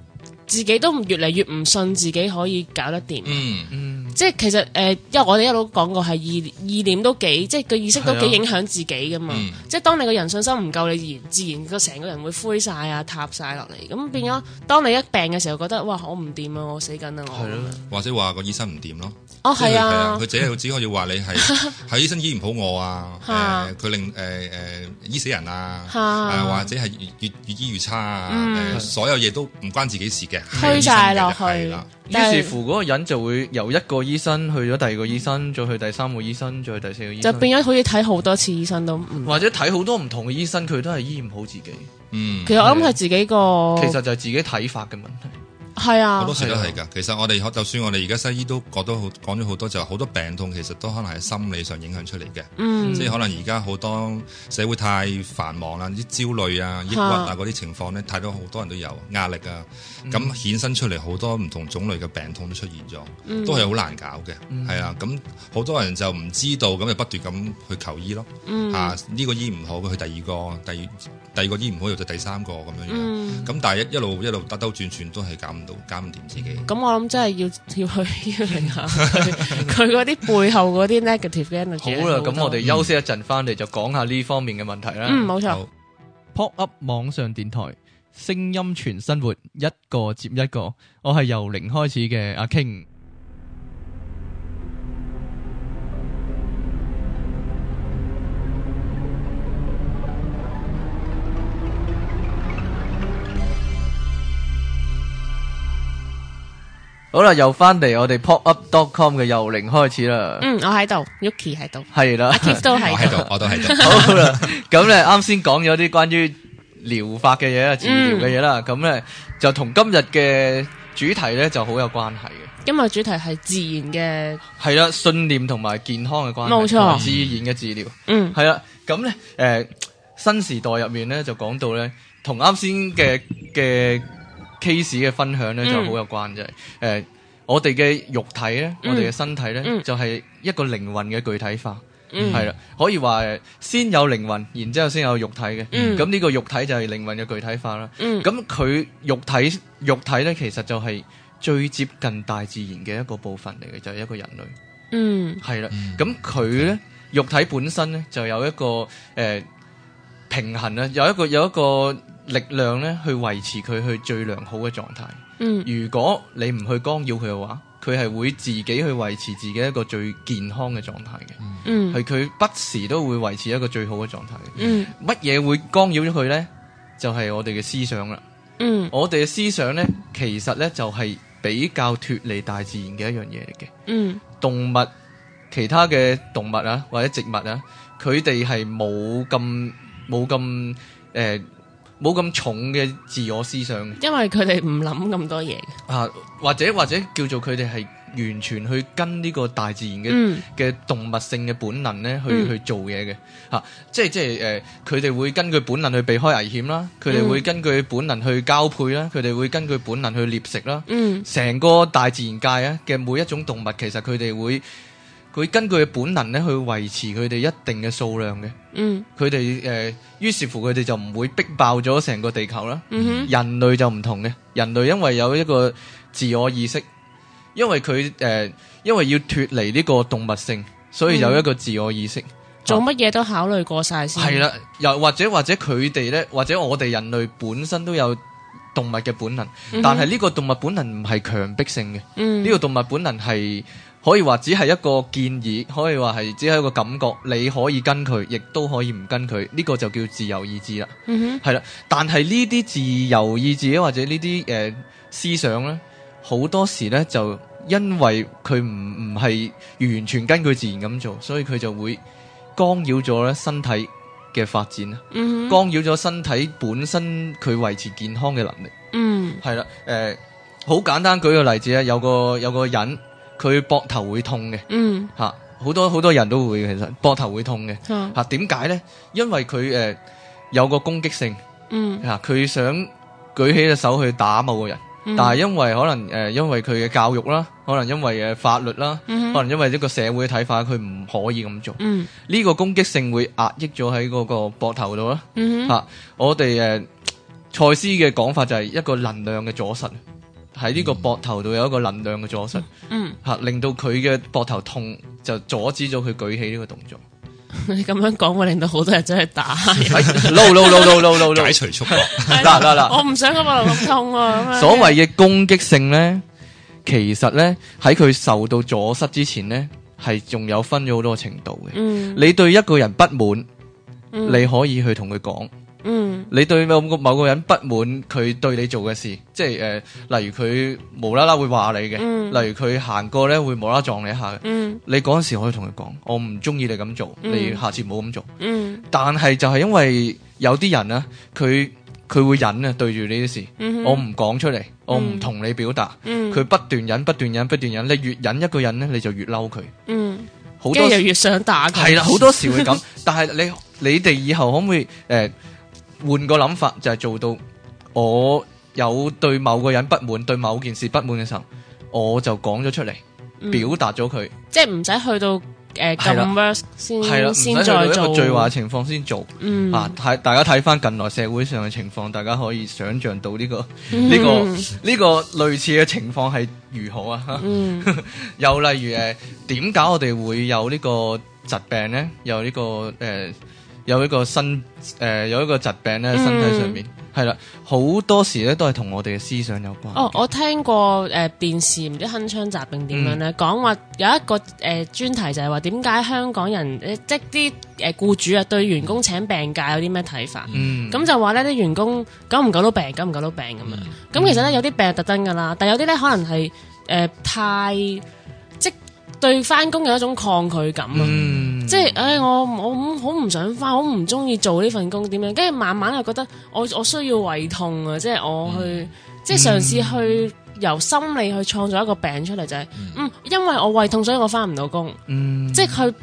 自己都唔越嚟越唔信自己可以搞得掂，嗯嗯，即係其實誒，因為我哋一路講過係意意念都幾，即係個意識都幾影響自己噶嘛，即係當你個人信心唔夠，你自然個成個人會灰晒啊，塌晒落嚟，咁變咗當你一病嘅時候，覺得哇，我唔掂啊，我死緊啊，我或者話個醫生唔掂咯，哦係啊，佢只係只可以話你係醫生醫唔好我啊，誒佢令誒誒醫死人啊，或者係越越醫越差啊，所有嘢都唔關自己事嘅，推晒落去，於是乎嗰個人就會由一個醫生去咗第二個醫生，嗯、再去第三個醫生，再去第四個醫生，就變咗可以睇好多次醫生都唔，嗯、或者睇好多唔同嘅醫生，佢都係醫唔好自己。嗯，其實我諗係自己個，其實就係自己睇法嘅問題。係啊，好多時都係噶、啊。其實我哋，就算我哋而家西醫都覺得好，講咗好多就好、是、多病痛，其實都可能係心理上影響出嚟嘅。嗯，即係可能而家好多社會太繁忙啦，啲焦慮啊、抑鬱啊嗰啲、啊、情況咧，太多好多人都有壓力啊。咁、嗯、衍生出嚟好多唔同種類嘅病痛都出現咗，都係好難搞嘅。係、嗯、啊，咁好多人就唔知道，咁就不斷咁去求醫咯。嗯，啊呢、這個醫唔好，佢去第二個，第第二個醫唔好又就第三個咁樣樣。咁、嗯、但係一一路一路兜兜轉轉都係咁。監督自己。咁我諗真係要要去平衡佢佢嗰啲背後嗰啲 negative energy。好啦，咁我哋休息一陣，翻嚟就講下呢方面嘅問題啦。嗯，冇錯。Pop Up 網上電台，聲音傳生活，一個接一個。我係由零開始嘅阿 King。好啦，又翻嚟我哋 popup.com 嘅由零開始啦。嗯，我喺度，Yuki 喺度，係啦，Keith 都喺度，我喺度，我都喺度。好啦，咁咧，啱先講咗啲關於療法嘅嘢，治療嘅嘢啦，咁咧就同今日嘅主題咧就好有關係嘅。今日主題係自然嘅，係啦，信念同埋健康嘅關係，冇錯，自然嘅治療，嗯，係啦。咁咧，誒，新時代入面咧就講到咧，同啱先嘅嘅。case 嘅分享咧就好有關，就係。誒、嗯呃，我哋嘅肉體咧、嗯，我哋嘅身體咧、嗯，就係、是、一個靈魂嘅具體化，係、嗯、啦。可以話先有靈魂，然之後先有肉體嘅。咁、嗯、呢個肉體就係靈魂嘅具體化啦。咁、嗯、佢肉體，肉體咧其實就係最接近大自然嘅一個部分嚟嘅，就係、是、一個人類。嗯，係啦。咁佢咧肉體本身咧就有一個誒、呃、平衡啦，有一個有一個。力量咧去維持佢去最良好嘅狀態。嗯，如果你唔去干擾佢嘅話，佢係會自己去維持自己一個最健康嘅狀態嘅。嗯，係佢不時都會維持一個最好嘅狀態。嗯，乜嘢會干擾咗佢呢？就係我哋嘅思想啦。嗯，我哋嘅思想呢，其實呢就係比較脫離大自然嘅一樣嘢嚟嘅。嗯，動物，其他嘅動物啊，或者植物啊，佢哋係冇咁冇咁誒。冇咁重嘅自我思想，因為佢哋唔諗咁多嘢。啊，或者或者叫做佢哋係完全去跟呢個大自然嘅嘅、嗯、動物性嘅本能咧去、嗯、去做嘢嘅。吓、啊，即係即係誒，佢哋會根據本能去避開危險啦，佢哋會根據本能去交配啦，佢哋會根據本能去獵食啦。嗯，成個大自然界啊嘅每一種動物，其實佢哋會。佢根據本能咧，去維持佢哋一定嘅數量嘅。嗯，佢哋、呃、於是乎佢哋就唔會逼爆咗成個地球啦、嗯哼。人類就唔同嘅，人類因為有一個自我意識，因為佢誒、呃，因為要脫離呢個動物性，所以有一個自我意識。嗯、做乜嘢都考慮過晒先。係啦，又或者或者佢哋咧，或者我哋人類本身都有動物嘅本能，嗯、但係呢個動物本能唔係強迫性嘅。嗯，呢、呢個動物本能係。可以話只係一個建議，可以話係只係一個感覺。你可以跟佢，亦都可以唔跟佢。呢個就叫自由意志啦。係、mm-hmm. 啦，但係呢啲自由意志或者呢啲誒思想咧，好多時咧就因為佢唔唔係完全根據自然咁做，所以佢就會干擾咗咧身體嘅發展啦。嗯、mm-hmm.，干擾咗身體本身佢維持健康嘅能力。嗯、mm-hmm.，係、呃、啦。誒，好簡單舉個例子啊，有個有個人。佢膊頭會痛嘅，吓、嗯、好多好多人都會其實膊頭會痛嘅，吓，點解咧？因為佢誒、呃、有個攻擊性，吓、嗯、佢、啊、想舉起隻手去打某個人，嗯、但係因為可能誒、呃、因為佢嘅教育啦，可能因為誒法律啦、嗯，可能因為一個社會嘅睇法，佢唔可以咁做，呢、嗯，這個攻擊性會壓抑咗喺嗰個膊頭度啦，吓、嗯啊、我哋誒賽斯嘅講法就係一個能量嘅阻塞。喺呢個膊頭度有一個能量嘅阻塞，吓、嗯嗯、令到佢嘅膊頭痛，就阻止咗佢舉起呢個動作。你咁樣講，會令到好多人真係打人。 [laughs] [laughs] no, no no no no no no 解除束縛，得 [laughs] 得啦， [laughs] 啦，啦，我唔想個膊頭痛啊。 [laughs] 所謂嘅攻擊性咧，其實咧喺佢受到阻塞之前咧，係仲有分咗好多程度嘅。嗯，你對一個人不滿、嗯，你可以去同佢講。嗯，你對某，某個人不滿，佢對你做嘅事，即係誒、呃，例如佢無啦啦會話你嘅，嗯，例如佢行過咧會無啦撞你一下嘅，嗯，你嗰陣時候可以同佢講，我唔中意你咁做，嗯，你下次唔好咁做。嗯，但係就係因為有啲人咧，啊，佢佢會忍啊，對住呢啲事，我唔講出嚟，我唔同你表達，佢、嗯，不斷忍，不斷忍，不斷忍，忍，你越忍一個人咧，你就越嬲佢。好、嗯，多又越想打佢。係啦，好多時會咁， [laughs] 但係你你哋以後可唔可以誒？呃換個諗法就係、是、做到，我有對某個人不滿、對某件事不滿嘅時候，我就講咗出嚟、嗯，表達咗佢，即係唔使去到誒咁 worse 先先再做。最壞情況先做、嗯。啊，睇大家睇翻，近來社會上嘅情況，大家可以想象到呢、這個呢、這個呢、嗯這個類似嘅情況係如何啊？嗯、 [laughs] 又例如誒，點、呃、解我哋會有呢個疾病咧？有呢、這個誒。呃有一個身誒、呃、有一個疾病咧身體上面係啦，好、嗯、多時咧都係同我哋嘅思想有關的。哦，我聽過誒、呃、電視唔知鏗鏘集定點樣咧，講話有一個誒專、呃、題就係話點解香港人即啲誒雇主啊對員工請病假有啲咩睇法？咁、嗯、就話呢啲員工久唔久都病，久唔久都病咁樣。咁、嗯、其實咧有啲病係特登噶啦，但係有啲咧可能係誒、呃、太即對翻工有一種抗拒感啊。嗯即係、哎，我我好唔想翻，我唔中意做呢份工，點樣？跟住慢慢就覺得我我需要胃痛啊，即係我去，嗯、即係嘗試去由心理去創造一個病出嚟、嗯、就係、是，嗯，因為我胃痛，所以我翻唔到工，嗯，即係佢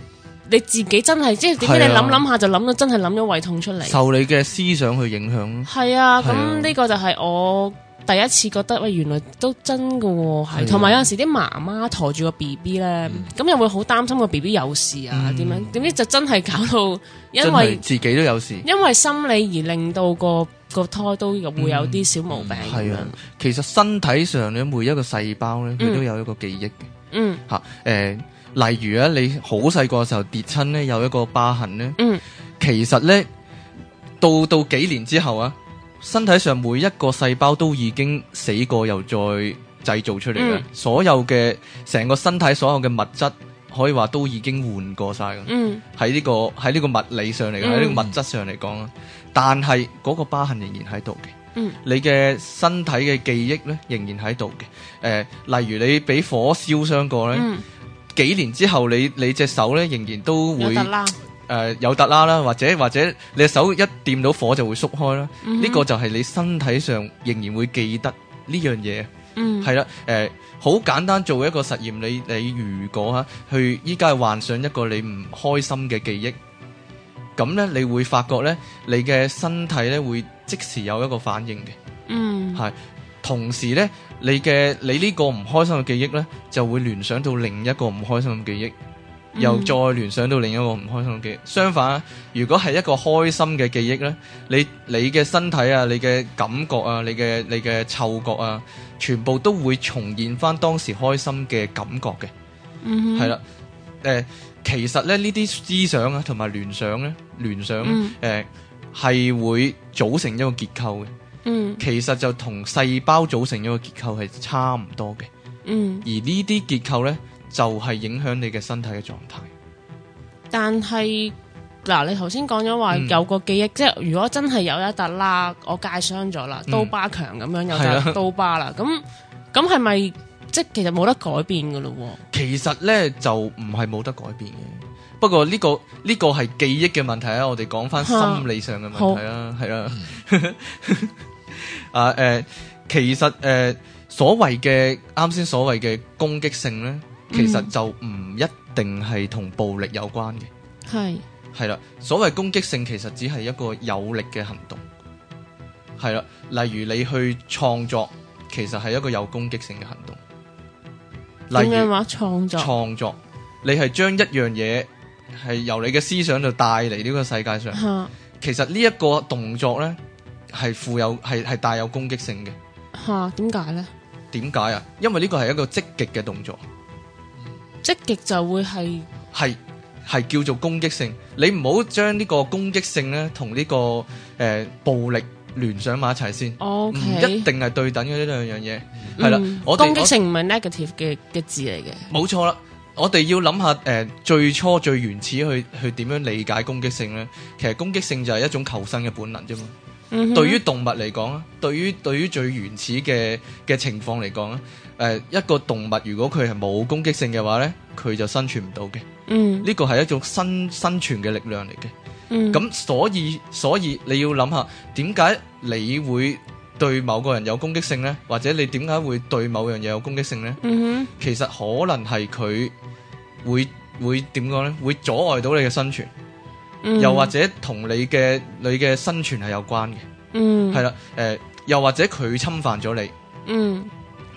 你自己真係，即係點解你諗諗下就諗到真係諗咗胃痛出嚟？受你嘅思想去影響咯，係啊，咁呢個就係我。第一次覺得喂，原來都真㗎喎，同埋、啊、有陣時啲媽媽抬住個 B B 咧，咁、嗯、又會好擔心個 B B 有事啊點、嗯、樣？點知就真係搞到，因為自己都有事，因為心理而令到個個胎都有會有啲小毛病、嗯。係啊，其實身體上咧每一個細胞咧，佢都有一個記憶嘅。嗯，嚇、嗯、誒、啊呃，例如咧、啊，你好細個嘅時候跌親咧，有一個疤痕咧、嗯，其實咧到到幾年之後啊。身體上每一個細胞都已經死過又再製造出嚟嘅、嗯，所有嘅成個身體所有嘅物質，可以話都已經換過晒嘅，嗯，喺呢、呢個喺呢個物理上嚟嘅喺呢個物質上嚟講、嗯，但係嗰個疤痕仍然喺度嘅。你嘅身體嘅記憶咧仍然喺度嘅。誒、呃，例如你俾火燒傷過咧、嗯，幾年之後你你隻手咧仍然都會。誒，有得啦啦，或者或者你手一掂到火就會縮開啦，呢個就係你身體上仍然會記得呢樣嘢，嗯，係啦，誒，好簡單做一個實驗，你你如果吓去依家係幻想一個你唔開心嘅記憶，咁咧你會發覺咧，你嘅身體咧會即時有一個反應嘅，嗯，係，同時咧你嘅你呢個唔開心嘅記憶咧就會聯想到另一個唔開心嘅記憶。又再聯想到另一個唔開心嘅記憶。相反，如果係一個開心嘅記憶呢，你你嘅身體啊，你嘅感覺啊，你嘅你嘅嗅覺啊，全部都會重現翻當時開心嘅感覺嘅。嗯、mm-hmm.，係啦。誒，其實咧呢啲思想啊同埋聯想咧，聯想誒係、mm-hmm. 呃、會組成一個結構嘅。嗯、mm-hmm.，其實就同細胞組成一個結構係差唔多嘅。嗯、mm-hmm.，而呢啲結構呢，就係、是、影響你嘅身體嘅狀態，但係嗱、啊，你頭先講咗話有個記憶，嗯、即係如果真係有一笪啦，我戒傷咗啦，刀疤強咁樣有笪刀疤啦，咁咁係咪即係其實冇得改變噶咯？其實咧就唔係冇得改變嘅，不過呢、這個呢、這個係記憶嘅問題啊，我哋講翻心理上嘅問題啦，係啦， [laughs] 啊誒、呃，其實誒、呃，所謂嘅啱先所謂嘅攻擊性咧。其實就唔一定係同暴力有關嘅，係係啦。所謂攻擊性，其實只係一個有力嘅行動，係啦。例如你去創作，其實係一個有攻擊性嘅行動。點樣話創作？創作，你係將一樣嘢係由你嘅思想度帶嚟呢個世界上。其實呢一個動作呢，係富有係係帶有攻擊性嘅。吓？點解呢？點解啊？因為呢個係一個積極嘅動作。積極就會係係係叫做攻擊性，你唔好將呢個攻擊性咧同呢個誒暴力聯想埋一齊先，唔一定係對等嘅呢兩樣嘢。係啦，我攻擊性唔係 negative 嘅嘅字嚟嘅，冇錯啦。我哋要諗下誒最初最原始去去點樣理解攻擊性咧？其實攻擊性就係一種求生嘅本能啫嘛。對於動物嚟講啊，對於對於最原始嘅嘅情況嚟講啊，誒一個動物如果佢係冇攻擊性嘅話咧，佢就生存唔到嘅。嗯，呢個係一種生生存嘅力量嚟嘅。嗯，咁所以所以你要諗下，點解你會對某個人有攻擊性呢？或者你點解會對某樣嘢有攻擊性呢？嗯哼，其實可能係佢會會點講呢？會阻礙到你嘅生存。又或者同你嘅你嘅生存係有關嘅，嗯，係啦，誒、呃，又或者佢侵犯咗你，嗯，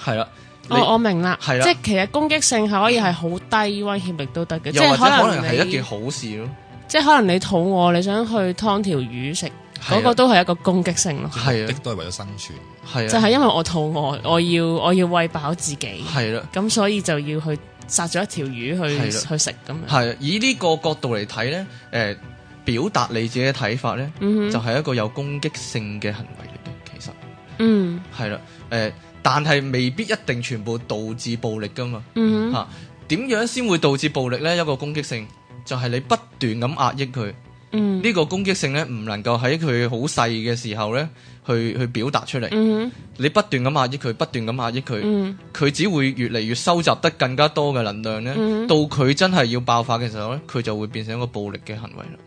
係啦、哦，我我明啦，係啦，即係其實攻擊性係可以係好低 [laughs] 威脅力都得嘅，即係可能係一件好事咯，即係可能你肚餓，你想去劏條魚食，嗰、那個都係一個攻擊性咯，係，都係為咗生存，係，就係、是、因為我肚餓，我要我要餵飽自己，係啦，咁所以就要去。殺咗一條魚去去食，咁係啊，以呢個角度嚟睇咧，誒、呃，表達你自己嘅睇法咧，mm-hmm. 就係一個有攻擊性嘅行為嚟嘅。其實，嗯、mm-hmm.，係啦，誒，但係未必一定全部導致暴力噶嘛，吓、mm-hmm. 點、啊、樣先會導致暴力咧？一個攻擊性就係、是、你不斷咁壓抑佢，呢、mm-hmm. 個攻擊性咧唔能夠喺佢好細嘅時候咧。去去表達出嚟、嗯，你不斷咁壓抑佢，不斷咁壓抑佢，佢、嗯、只會越嚟越收集得更加多嘅能量咧、嗯。到佢真係要爆發嘅時候咧，佢就會變成一個暴力嘅行為啦。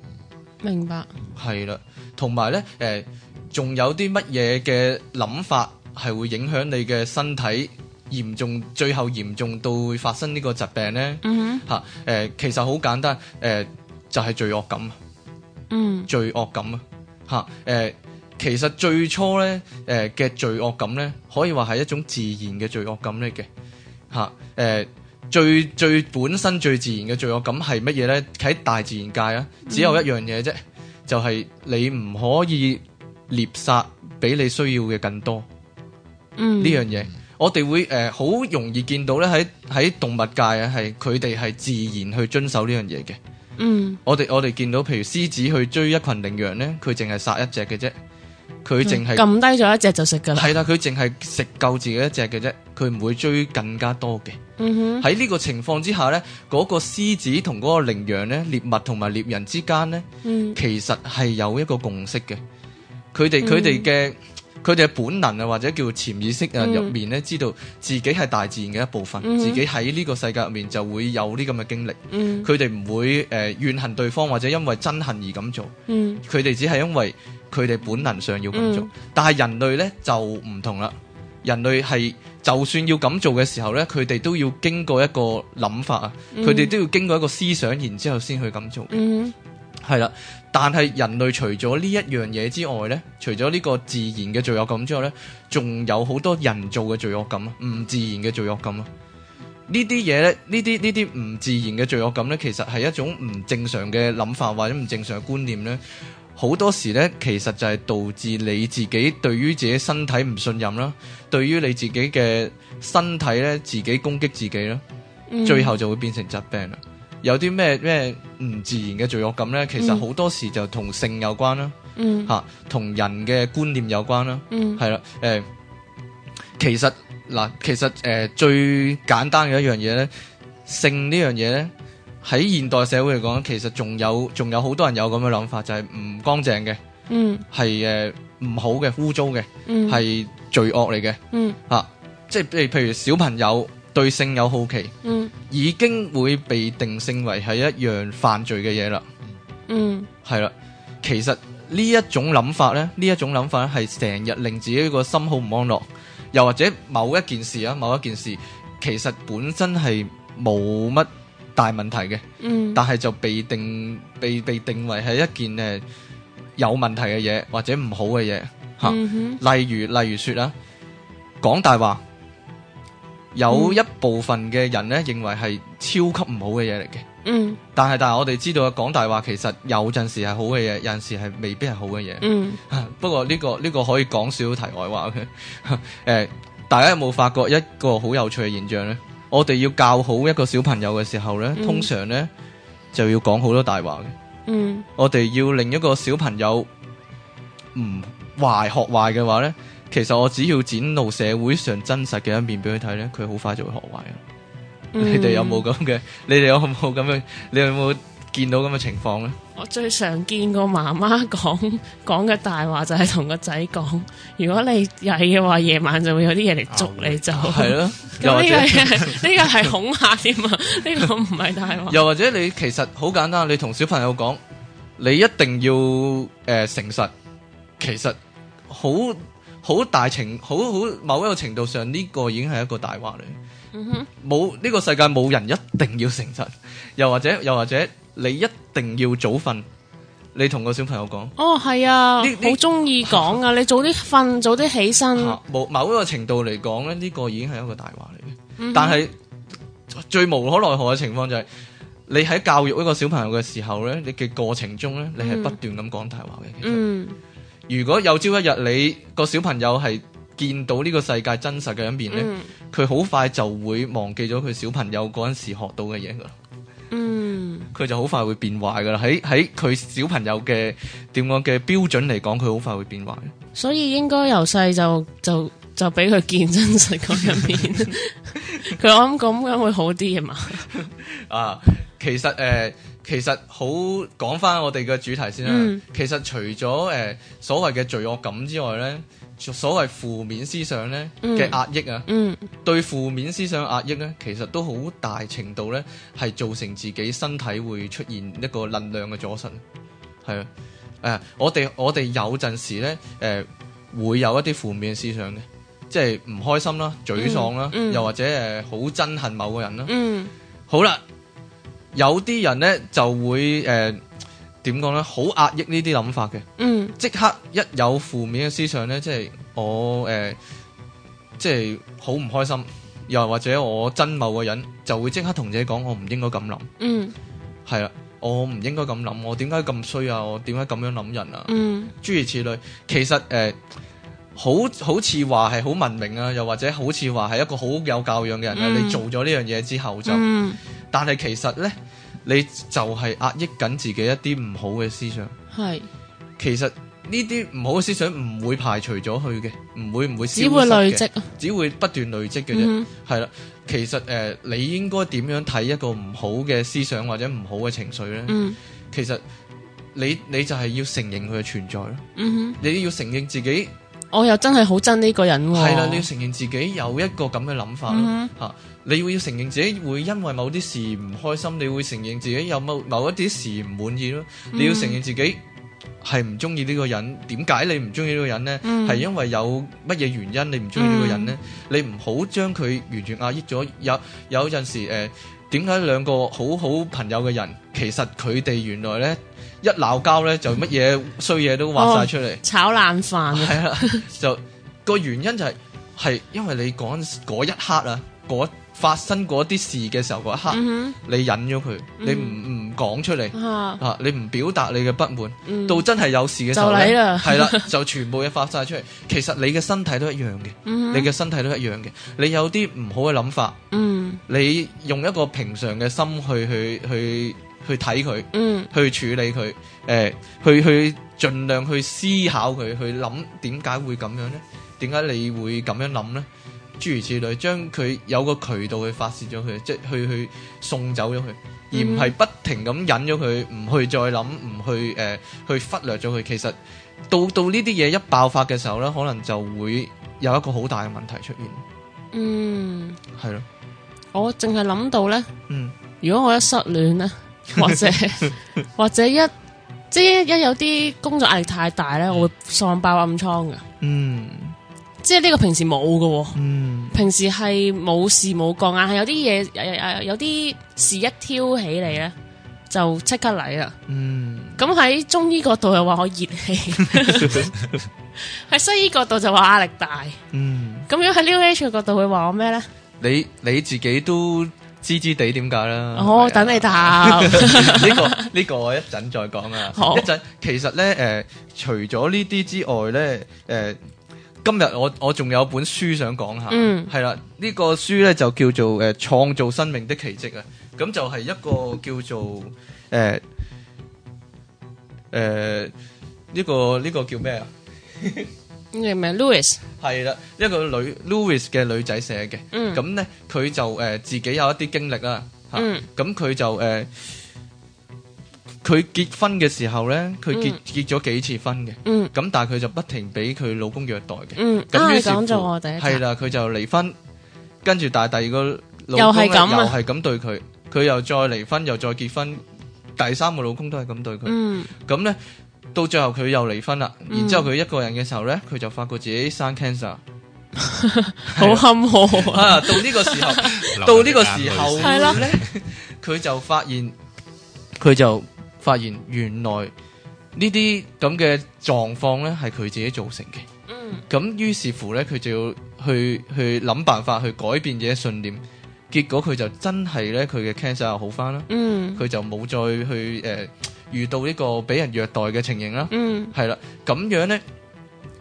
明白。係啦，同埋咧，誒、呃，仲有啲乜嘢嘅諗法係會影響你嘅身體嚴重，最後嚴重到會發生呢個疾病咧？吓、嗯，誒、啊呃，其實好簡單，誒、呃，就係、是、罪惡感。嗯，罪惡感啊，吓、呃，誒。其實最初咧，誒、呃、嘅罪惡感咧，可以話係一種自然嘅罪惡感嚟嘅，吓、啊，誒、呃、最最本身最自然嘅罪惡感係乜嘢咧？喺大自然界啊，只有一樣嘢啫，就係、是、你唔可以獵殺比你需要嘅更多，呢樣嘢。我哋會誒好、呃、容易見到咧喺喺動物界啊，係佢哋係自然去遵守呢樣嘢嘅。嗯，我哋我哋見到譬如獅子去追一群羚羊咧，佢淨係殺一隻嘅啫。佢淨係撳低咗一隻就只就食噶啦，係啦，佢淨係食夠自己一隻嘅啫，佢唔會追更加多嘅。喺、嗯、呢個情況之下呢，嗰、那個獅子同嗰個羚羊呢，獵物同埋獵人之間呢、嗯，其實係有一個共識嘅。佢哋佢哋嘅佢哋本能啊，或者叫潛意識啊入面呢、嗯，知道自己係大自然嘅一部分，嗯、自己喺呢個世界入面就會有呢咁嘅經歷。佢哋唔會誒、呃、怨恨對方，或者因為憎恨而咁做。佢、嗯、哋只係因為。佢哋本能上要咁做，嗯、但係人類呢就唔同啦。人類係就算要咁做嘅時候呢，佢哋都要經過一個諗法啊，佢、嗯、哋都要經過一個思想，然之後先去咁做。嘅、嗯。係啦，但係人類除咗呢一樣嘢之外，呢，除咗呢個自然嘅罪惡感之外呢，仲有好多人造嘅罪惡感啊，唔自然嘅罪惡感啊。這些，呢啲嘢呢，呢啲呢啲唔自然嘅罪惡感呢，其實係一種唔正常嘅諗法或者唔正常嘅觀念呢。好多時咧，其實就係導致你自己對於自己身體唔信任啦，對於你自己嘅身體咧，自己攻擊自己啦、嗯，最後就會變成疾病啦。有啲咩咩唔自然嘅罪惡感咧，其實好多時就同性有關啦，吓、嗯、同、啊、人嘅觀念有關啦，係、嗯、啦，誒、呃，其實嗱、呃，其實誒、呃、最簡單嘅一樣嘢咧，性呢樣嘢咧。喺現代社會嚟講，其實仲有仲有好多人有咁嘅諗法，就係唔乾淨嘅，係誒唔好嘅、污糟嘅，係、嗯、罪惡嚟嘅，吓、嗯啊，即係譬如小朋友對性有好奇，嗯、已經會被定性為係一樣犯罪嘅嘢啦。嗯，係啦，其實呢一種諗法咧，呢一種諗法咧係成日令自己個心好唔安樂，又或者某一件事啊，某一件事其實本身係冇乜。大問題嘅，嗯,但係就被定被被定為係一件誒有問題嘅嘢或者唔好嘅嘢嚇。例如例如説啦，講大話，有一部分嘅人咧，認為係超級唔好嘅嘢嚟嘅。嗯，但係但係我哋知道講大話其實有陣時係好嘅嘢，有陣時係未必係好嘅嘢。嗯，啊、不過呢個呢個可以講少少題外話嘅。誒、啊，大家有冇發覺一個好有趣嘅現象咧？我哋要教好一個小朋友嘅時候咧、嗯，通常咧就要講好多大話嘅。我哋要令一個小朋友唔壞學壞嘅話咧，其實我只要展露社會上真實嘅一面俾佢睇咧，佢好快就會學壞嘅、嗯。你哋有冇咁嘅？你哋有冇咁樣？你有冇？見到咁嘅情況咧，我最常見個媽媽講講嘅大話就係同個仔講：，如果你曳嘅話，夜晚就會有啲嘢嚟捉你走，就係咯。呢個呢個係恐嚇添啊！呢個唔係大話。又或者你其實好簡單，你同小朋友講：，你一定要誒、呃、誠實。其實好好大程好好某一個程度上，呢個已經係一個大話嚟。嗯哼，冇呢個世界冇人一定要誠實。又或者又或者。你一定要早瞓，你同個小朋友講。哦，係啊，你好中意講啊。 [laughs] 你早啲瞓，早啲起身。冇，某一個程度嚟講咧，呢個已經係一個大話嚟嘅。但係最無可奈何嘅情況就係，你喺教育一個小朋友嘅時候咧，你嘅過程中咧，你係不斷咁講大話嘅。嗯。其實，如果有朝一日你個小朋友係見到呢個世界真實嘅一面咧，佢、嗯、好快就會忘記咗佢小朋友嗰陣時學到嘅嘢噶。嗯，佢就好快會變壞噶啦，喺喺佢小朋友嘅點樣嘅標準嚟講，佢好快會變壞。所以應該由細就就就俾佢見真實嗰一面，佢我諗咁樣會好啲啊嘛。啊，其實誒、呃，其實好講翻我哋嘅主題先啦。嗯、其實除咗誒、呃、所謂嘅罪惡感之外咧。所謂負面思想咧嘅壓抑啊，嗯嗯，對負面思想嘅壓抑咧，其實都好大程度咧係造成自己身體會出現一個能量嘅阻塞，係啊，誒，我哋我哋有陣時咧，誒、呃，會有一啲負面思想嘅，即係唔開心啦，沮喪啦，嗯嗯，又或者誒好憎恨某個人啦，嗯，好啦，有啲人咧就會誒。呃點講呢？好壓抑呢啲諗法嘅，嗯、即刻一有負面嘅思想呢，即係我誒，即係好唔開心，又或者我憎某個人，就會即刻同自己講：我唔應該咁諗。係啦，我唔應該咁諗，我點解咁衰啊？我點解咁樣諗人啊？嗯、諸如此類，其實誒、呃，好好似話係好文明啊，又或者好似話係一個好有教養嘅人啊。嗯、你做咗呢樣嘢之後就，嗯、但係其實呢。你就係壓抑緊自己一啲唔好嘅思想，係其實呢啲唔好嘅思想唔會排除咗佢嘅，唔會唔會消失嘅，只會累積，只會不斷累積嘅啫。係、嗯、啦，其實誒、呃，你應該點樣睇一個唔好嘅思想或者唔好嘅情緒咧、嗯？其實你你就係要承認佢嘅存在咯、嗯，你要承認自己。我又真係好憎呢個人喎、哦。係啦，你要承認自己有一個咁嘅諗法咯，吓、mm-hmm. 啊，你要要承認自己會因為某啲事唔開心，你會承認自己有某某一啲事唔滿意咯。Mm-hmm. 你要承認自己係唔中意呢個人，點解你唔中意呢個人呢？係、mm-hmm. 因為有乜嘢原因你唔中意呢個人呢？Mm-hmm. 你唔好將佢完全壓抑咗。有有陣時，誒、呃，點解兩個好好朋友嘅人，其實佢哋原來呢。一鬧交咧，就乜嘢衰嘢都話晒出嚟、哦，炒冷飯係啦。就個原因就係、是，係因為你講嗰一刻啊，嗰發生嗰啲事嘅時候嗰一刻，你忍咗佢，你唔唔講出嚟、啊、你唔表達你嘅不滿、嗯，到真係有事嘅時候咧，係啦， [laughs] 就全部嘢發晒出嚟。其實你嘅身體都一樣嘅、嗯，你嘅身體都一樣嘅。你有啲唔好嘅諗法、嗯，你用一個平常嘅心去去去。去去睇佢，嗯，去處理佢，誒，去去盡量去思考佢，去諗點解會咁樣咧？點解你會咁樣諗咧？諸如此類，將佢有個渠道去發泄咗佢，即係去去送走咗佢，而唔係不停咁忍咗佢，唔去再諗，唔去誒去忽略咗佢。其實到到呢啲嘢一爆發嘅時候咧，可能就會有一個好大嘅問題出現。嗯，係咯，我淨係諗到咧，嗯，如果我一失戀咧。或者或者一即係一有啲工作壓力太大咧，我會喪爆暗瘡噶。嗯，即係呢個平時冇噶。嗯，平時係冇事冇幹，但係有啲嘢誒有啲事一挑起你咧，就即刻嚟啊。嗯，咁喺中醫角度又話我熱氣，喺西醫角度就話壓力大。嗯，咁樣喺 New Age 嘅角度會話我咩咧？你你自己都。知知地點解啦？哦、啊，等你答。呢、 [laughs] 這個呢、這個我一陣再講啊！一陣其實咧，誒、呃，除咗呢啲之外咧，誒、呃，今日我我仲有本書想講下，係、嗯、啦，呢、啊這個書咧就叫做誒創、呃、造生命的奇蹟啊！咁就係一個叫做誒誒呢個呢、這個叫咩啊？ [laughs] 你咪 Louis 係啦，一個女 Louis 嘅女仔寫嘅，咁咧佢就誒自己有一啲經歷啊，咁佢就誒佢結婚嘅時候咧，佢結結咗幾次婚嘅，咁但係佢就不停俾佢老公虐待嘅，咁於是乎係啦，佢就離婚，跟住但係第二個老公又係咁，又係咁對佢，佢又再離婚，又再結婚，第三個老公都係咁對佢，咁咧。到最後佢又離婚啦，然之後佢一個人嘅時候呢，佢就發覺自己生 cancer，、嗯 [laughs] 啊、好坎坷啊！到呢個時候， [laughs] 到呢個時候係啦，佢、嗯、就發現，佢就發現原來呢啲咁嘅狀況呢係佢自己造成嘅。嗯，咁於是乎呢，佢就要去去諗辦法去改變自己嘅信念，結果佢就真係呢，佢嘅 cancer 又好翻啦。嗯，佢就冇再去誒。呃遇到呢個俾人虐待嘅情形啦，係、嗯、啦，咁樣咧，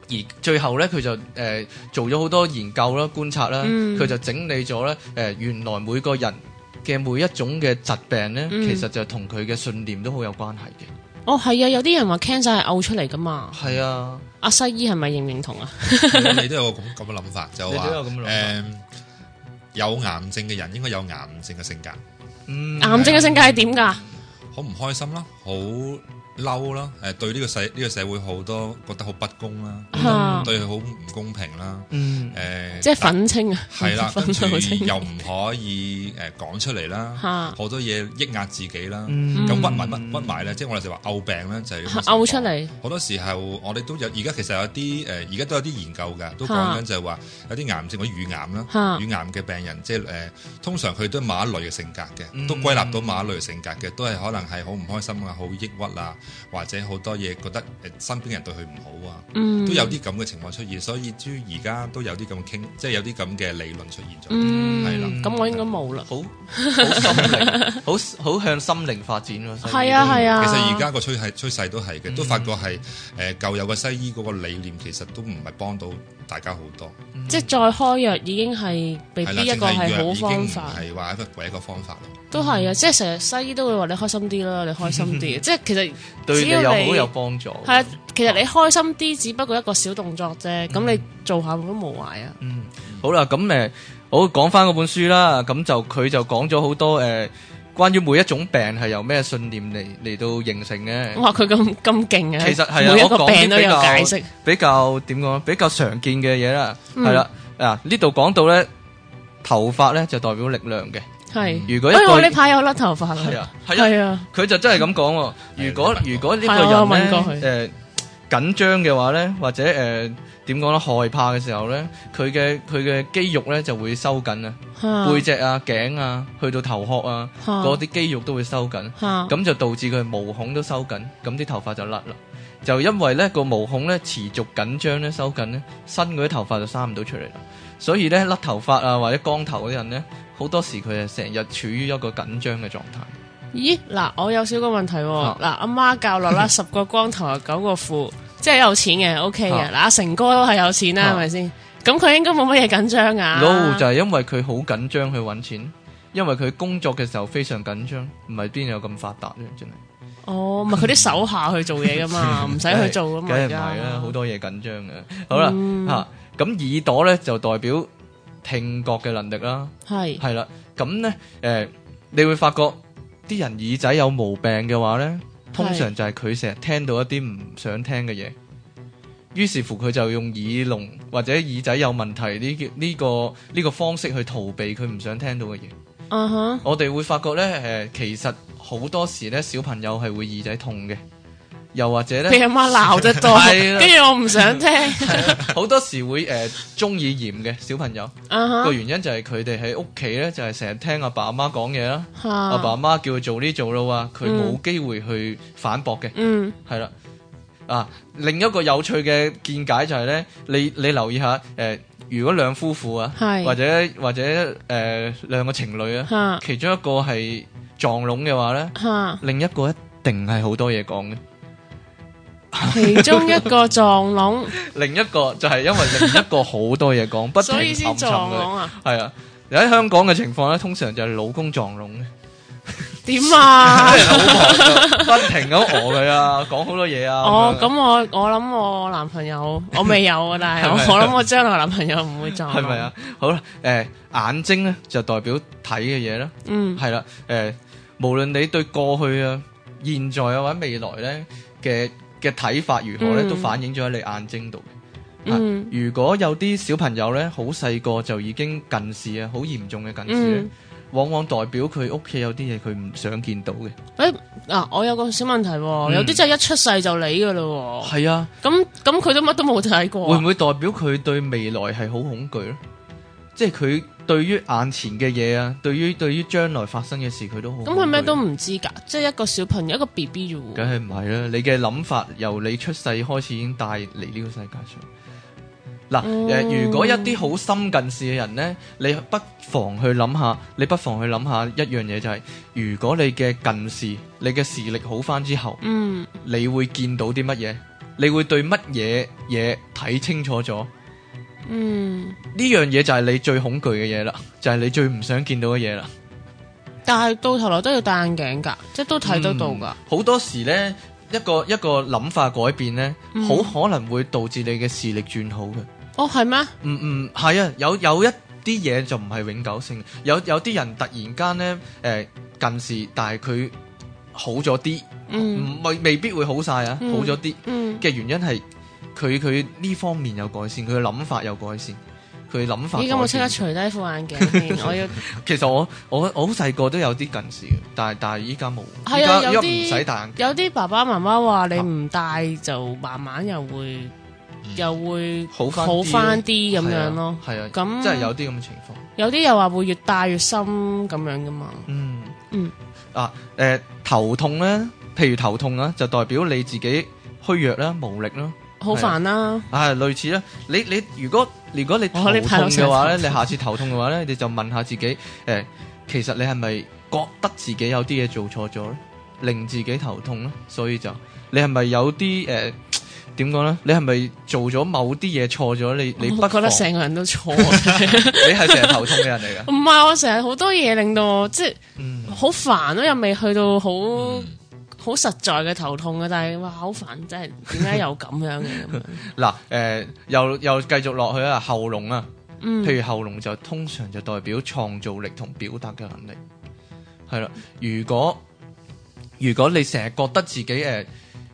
而最後咧，佢就誒、呃、做咗好多研究啦、觀察啦，佢、嗯、就整理咗咧誒，原來每個人嘅每一種嘅疾病咧、嗯，其實就同佢嘅信念都好有關係嘅。哦，係啊，有啲人話 cancer 係嘔出嚟噶嘛，係啊，阿西醫係咪認唔認同啊？ [laughs] 你都有咁咁嘅諗法，就話誒有、呃、有癌症嘅人應該有癌症嘅性格，嗯、癌症嘅性格係點㗎？嗯好唔開心啦，好～嬲啦，誒對呢個世呢個社會好、這個、多覺得好不公啦、啊嗯，對對佢好唔公平啦、呃，即係憤青啊，係啦，又唔可以誒講出嚟啦，好多嘢抑壓自己啦，咁、嗯、屈埋屈屈埋咧，即係我哋就話嘔病咧，就係、是、嘔、啊、出嚟。好多時候我哋都有，而家其實有啲而家都有啲研究㗎，都講緊、啊、就係、是、話有啲癌症，個乳癌啦，乳、啊、癌嘅病人即係、呃、通常佢都係馬類嘅性格嘅，都歸納到馬類性格嘅，都係可能係好唔開心啊，好抑鬱啊。或者好多嘢覺得誒身邊人對佢唔好啊，嗯、都有啲咁嘅情況出現，所以至於而家都有啲咁傾，即係有啲咁嘅理論出現咗，嗯，係啦。咁我應該冇啦，好好心靈 [laughs] 好，好向心靈發展咯。係啊係啊，其實而家個趨勢趨勢都係嘅、嗯，都發覺係誒、呃、舊有嘅西醫嗰個理念其實都唔係幫到。大家好多，嗯、即係再開藥已經係未必一個係好方法，係話一個一個方法、嗯、都係啊！即係成日西醫都會話你開心啲啦，你開心啲， [laughs] 即係其實對你又好有幫助。係啊，其實你開心啲只不過一個小動作啫，咁、嗯、你做下都冇壞啊。嗯，好啦，咁誒，我講翻嗰本書啦，咁就佢就講咗好多誒。呃關於每一種病係由咩信念嚟嚟到形成嘅，我話佢咁咁勁啊！其實係啊，每一個病都有解釋，比較點講，比較常見嘅嘢啦，係啦，嗱呢度講到咧，頭髮咧就代表力量嘅，係。如果因為我呢排有甩頭髮啊，係啊，佢就真係咁講。如果如果呢個人咧，誒。緊張嘅話呢，或者誒點講呢，害怕嘅時候呢，佢嘅佢嘅肌肉呢就會收緊啊，背脊啊、頸啊，去到頭殼啊，嗰、啊、啲肌肉都會收緊，咁、啊、就導致佢毛孔都收緊，咁啲頭髮就甩啦。就因為呢個毛孔呢持續緊張呢收緊呢，新嗰啲頭髮就生唔到出嚟啦。所以呢，甩頭髮啊或者光頭嗰啲人呢，好多時佢係成日處於一個緊張嘅狀態。咦嗱，我有少個問題、啊，嗱阿媽教落啦，十 [laughs] 個光頭啊九個富。即係有錢嘅，OK 嘅。嗱，阿成哥都係有錢啦，係咪先？咁佢應該冇乜嘢緊張啊？No，就係因為佢好緊張去搵錢，因為佢工作嘅時候非常緊張，唔係邊有咁發達啫，真係。哦，咪佢啲手下去做嘢噶嘛，唔使去做噶嘛。梗係唔係啦，好多嘢緊張嘅。好啦，吓，咁耳朵咧就代表聽覺嘅能力啦，係係啦。咁咧誒，你會發覺啲人耳仔有毛病嘅話咧。通常就係佢成日聽到一啲唔想聽嘅嘢，於是乎佢就用耳聾或者耳仔有問題呢，呢個呢個方式去逃避佢唔想聽到嘅嘢。嗯哼、uh-huh.，我哋會發覺咧，誒，其實好多時咧，小朋友係會耳仔痛嘅。又或者咧，俾阿媽鬧得多，跟 [laughs] 住我唔想聽。好 [laughs] 多時候會誒中意嫌嘅小朋友個、uh-huh. 原因就係佢哋喺屋企咧，就係成日聽阿爸阿媽講嘢啦。阿爸阿媽叫佢做呢做啦，佢冇機會去反駁嘅。嗯，係啦。啊，另一個有趣嘅見解就係、是、咧，你你留意一下誒、呃，如果兩夫婦啊、uh-huh. 或，或者或者誒兩個情侶啊，uh-huh. 其中一個係撞聾嘅話咧，uh-huh. 另一個一定係好多嘢講嘅。其中一個撞聾，另一個就係因為另一個好多嘢講，所以先撞聾啊，係啊。而喺香港嘅情況咧，通常就係老公撞聾嘅。點啊？不停咁餓佢啊，講好多嘢啊。哦，咁我我諗我男朋友，我未有啊，但係我諗我將來男朋友唔會撞。係咪啊？好啦，誒，眼睛咧就代表睇嘅嘢啦。嗯，係啦，誒，無論你對過去啊、現在啊或者未來咧嘅。嘅睇法如何咧，都反映咗喺你眼睛度、嗯。如果有啲小朋友咧，好細個就已經近視啊，好嚴重嘅近視、嗯，往往代表佢屋企有啲嘢佢唔想見到嘅。誒、欸，嗱、啊，我有個小問題、啊，有啲真係一出世就嚟噶咯。係、嗯、啊，咁咁佢都乜都冇睇過、啊，會唔會代表佢對未來係好恐懼咧？即係佢。對於眼前嘅嘢啊，對於對於將來發生嘅事，佢都好咁佢咩都唔知㗎，即係一個小朋友一個 BB 啫。梗係唔係啦，你嘅諗法由你出世開始已經帶嚟呢個世界上。嗱，誒、嗯，如果一啲好深近視嘅人呢，你不妨去諗下，你不妨去諗下一樣嘢就係、是，如果你嘅近視，你嘅視力好翻之後，嗯，你會見到啲乜嘢？你會對乜嘢嘢睇清楚咗？嗯，呢樣嘢就係你最恐懼嘅嘢啦，就係、是、你最唔想見到嘅嘢啦。但係到頭來都要戴眼鏡噶，即係都睇得到噶。好、嗯、多時呢，一個一個諗法改變呢，好、嗯、可能會導致你嘅視力轉好嘅。哦，係咩？嗯嗯，係啊，有有一啲嘢就唔係永久性。有有啲人突然間呢，誒、呃、近視，但係佢好咗啲、嗯，未未必會好晒啊，嗯、好咗啲嘅原因係。嗯嗯佢佢呢方面有改善，佢嘅諗法有改善，佢諗法改。依家我即刻除低副眼鏡， [laughs] 我要。其實我我我好細個都有啲近視嘅，但係但係依家冇。依家唔使戴眼鏡。有啲爸爸媽媽話你唔戴就慢慢又會、啊、又會、嗯、又會好好翻啲咁樣咯。係啊，咁即係有啲咁嘅情況。有啲又話會越戴越深咁樣噶嘛。嗯嗯啊誒、呃、頭痛咧，譬如頭痛啊就代表你自己虛弱啦，無力啦。好煩啦！係、啊啊、類似咧，你你如果你如果你頭痛嘅話咧、哦，你下次頭痛嘅話咧，你就問一下自己，誒、欸，其實你係咪覺得自己有啲嘢做錯咗咧，令自己頭痛咧？所以就你係咪有啲誒，點講咧？你係咪做咗某啲嘢錯咗？你是不是做了某些了你，你不我覺得成個人都錯？ [laughs] 你係成日頭痛嘅人嚟噶？唔 [laughs] 係，我成日好多嘢令到我即係好煩咯，又未去到好。嗯好實在嘅頭痛是是的 [laughs] 嘩、呃、啊，但係哇好煩，真係點解有咁樣嘅嗱，誒，又又繼續落去啊，喉嚨啊，嗯，譬如喉嚨就通常就代表創造力同表達嘅能力，係啦。如果如果你成日覺得自己誒、呃、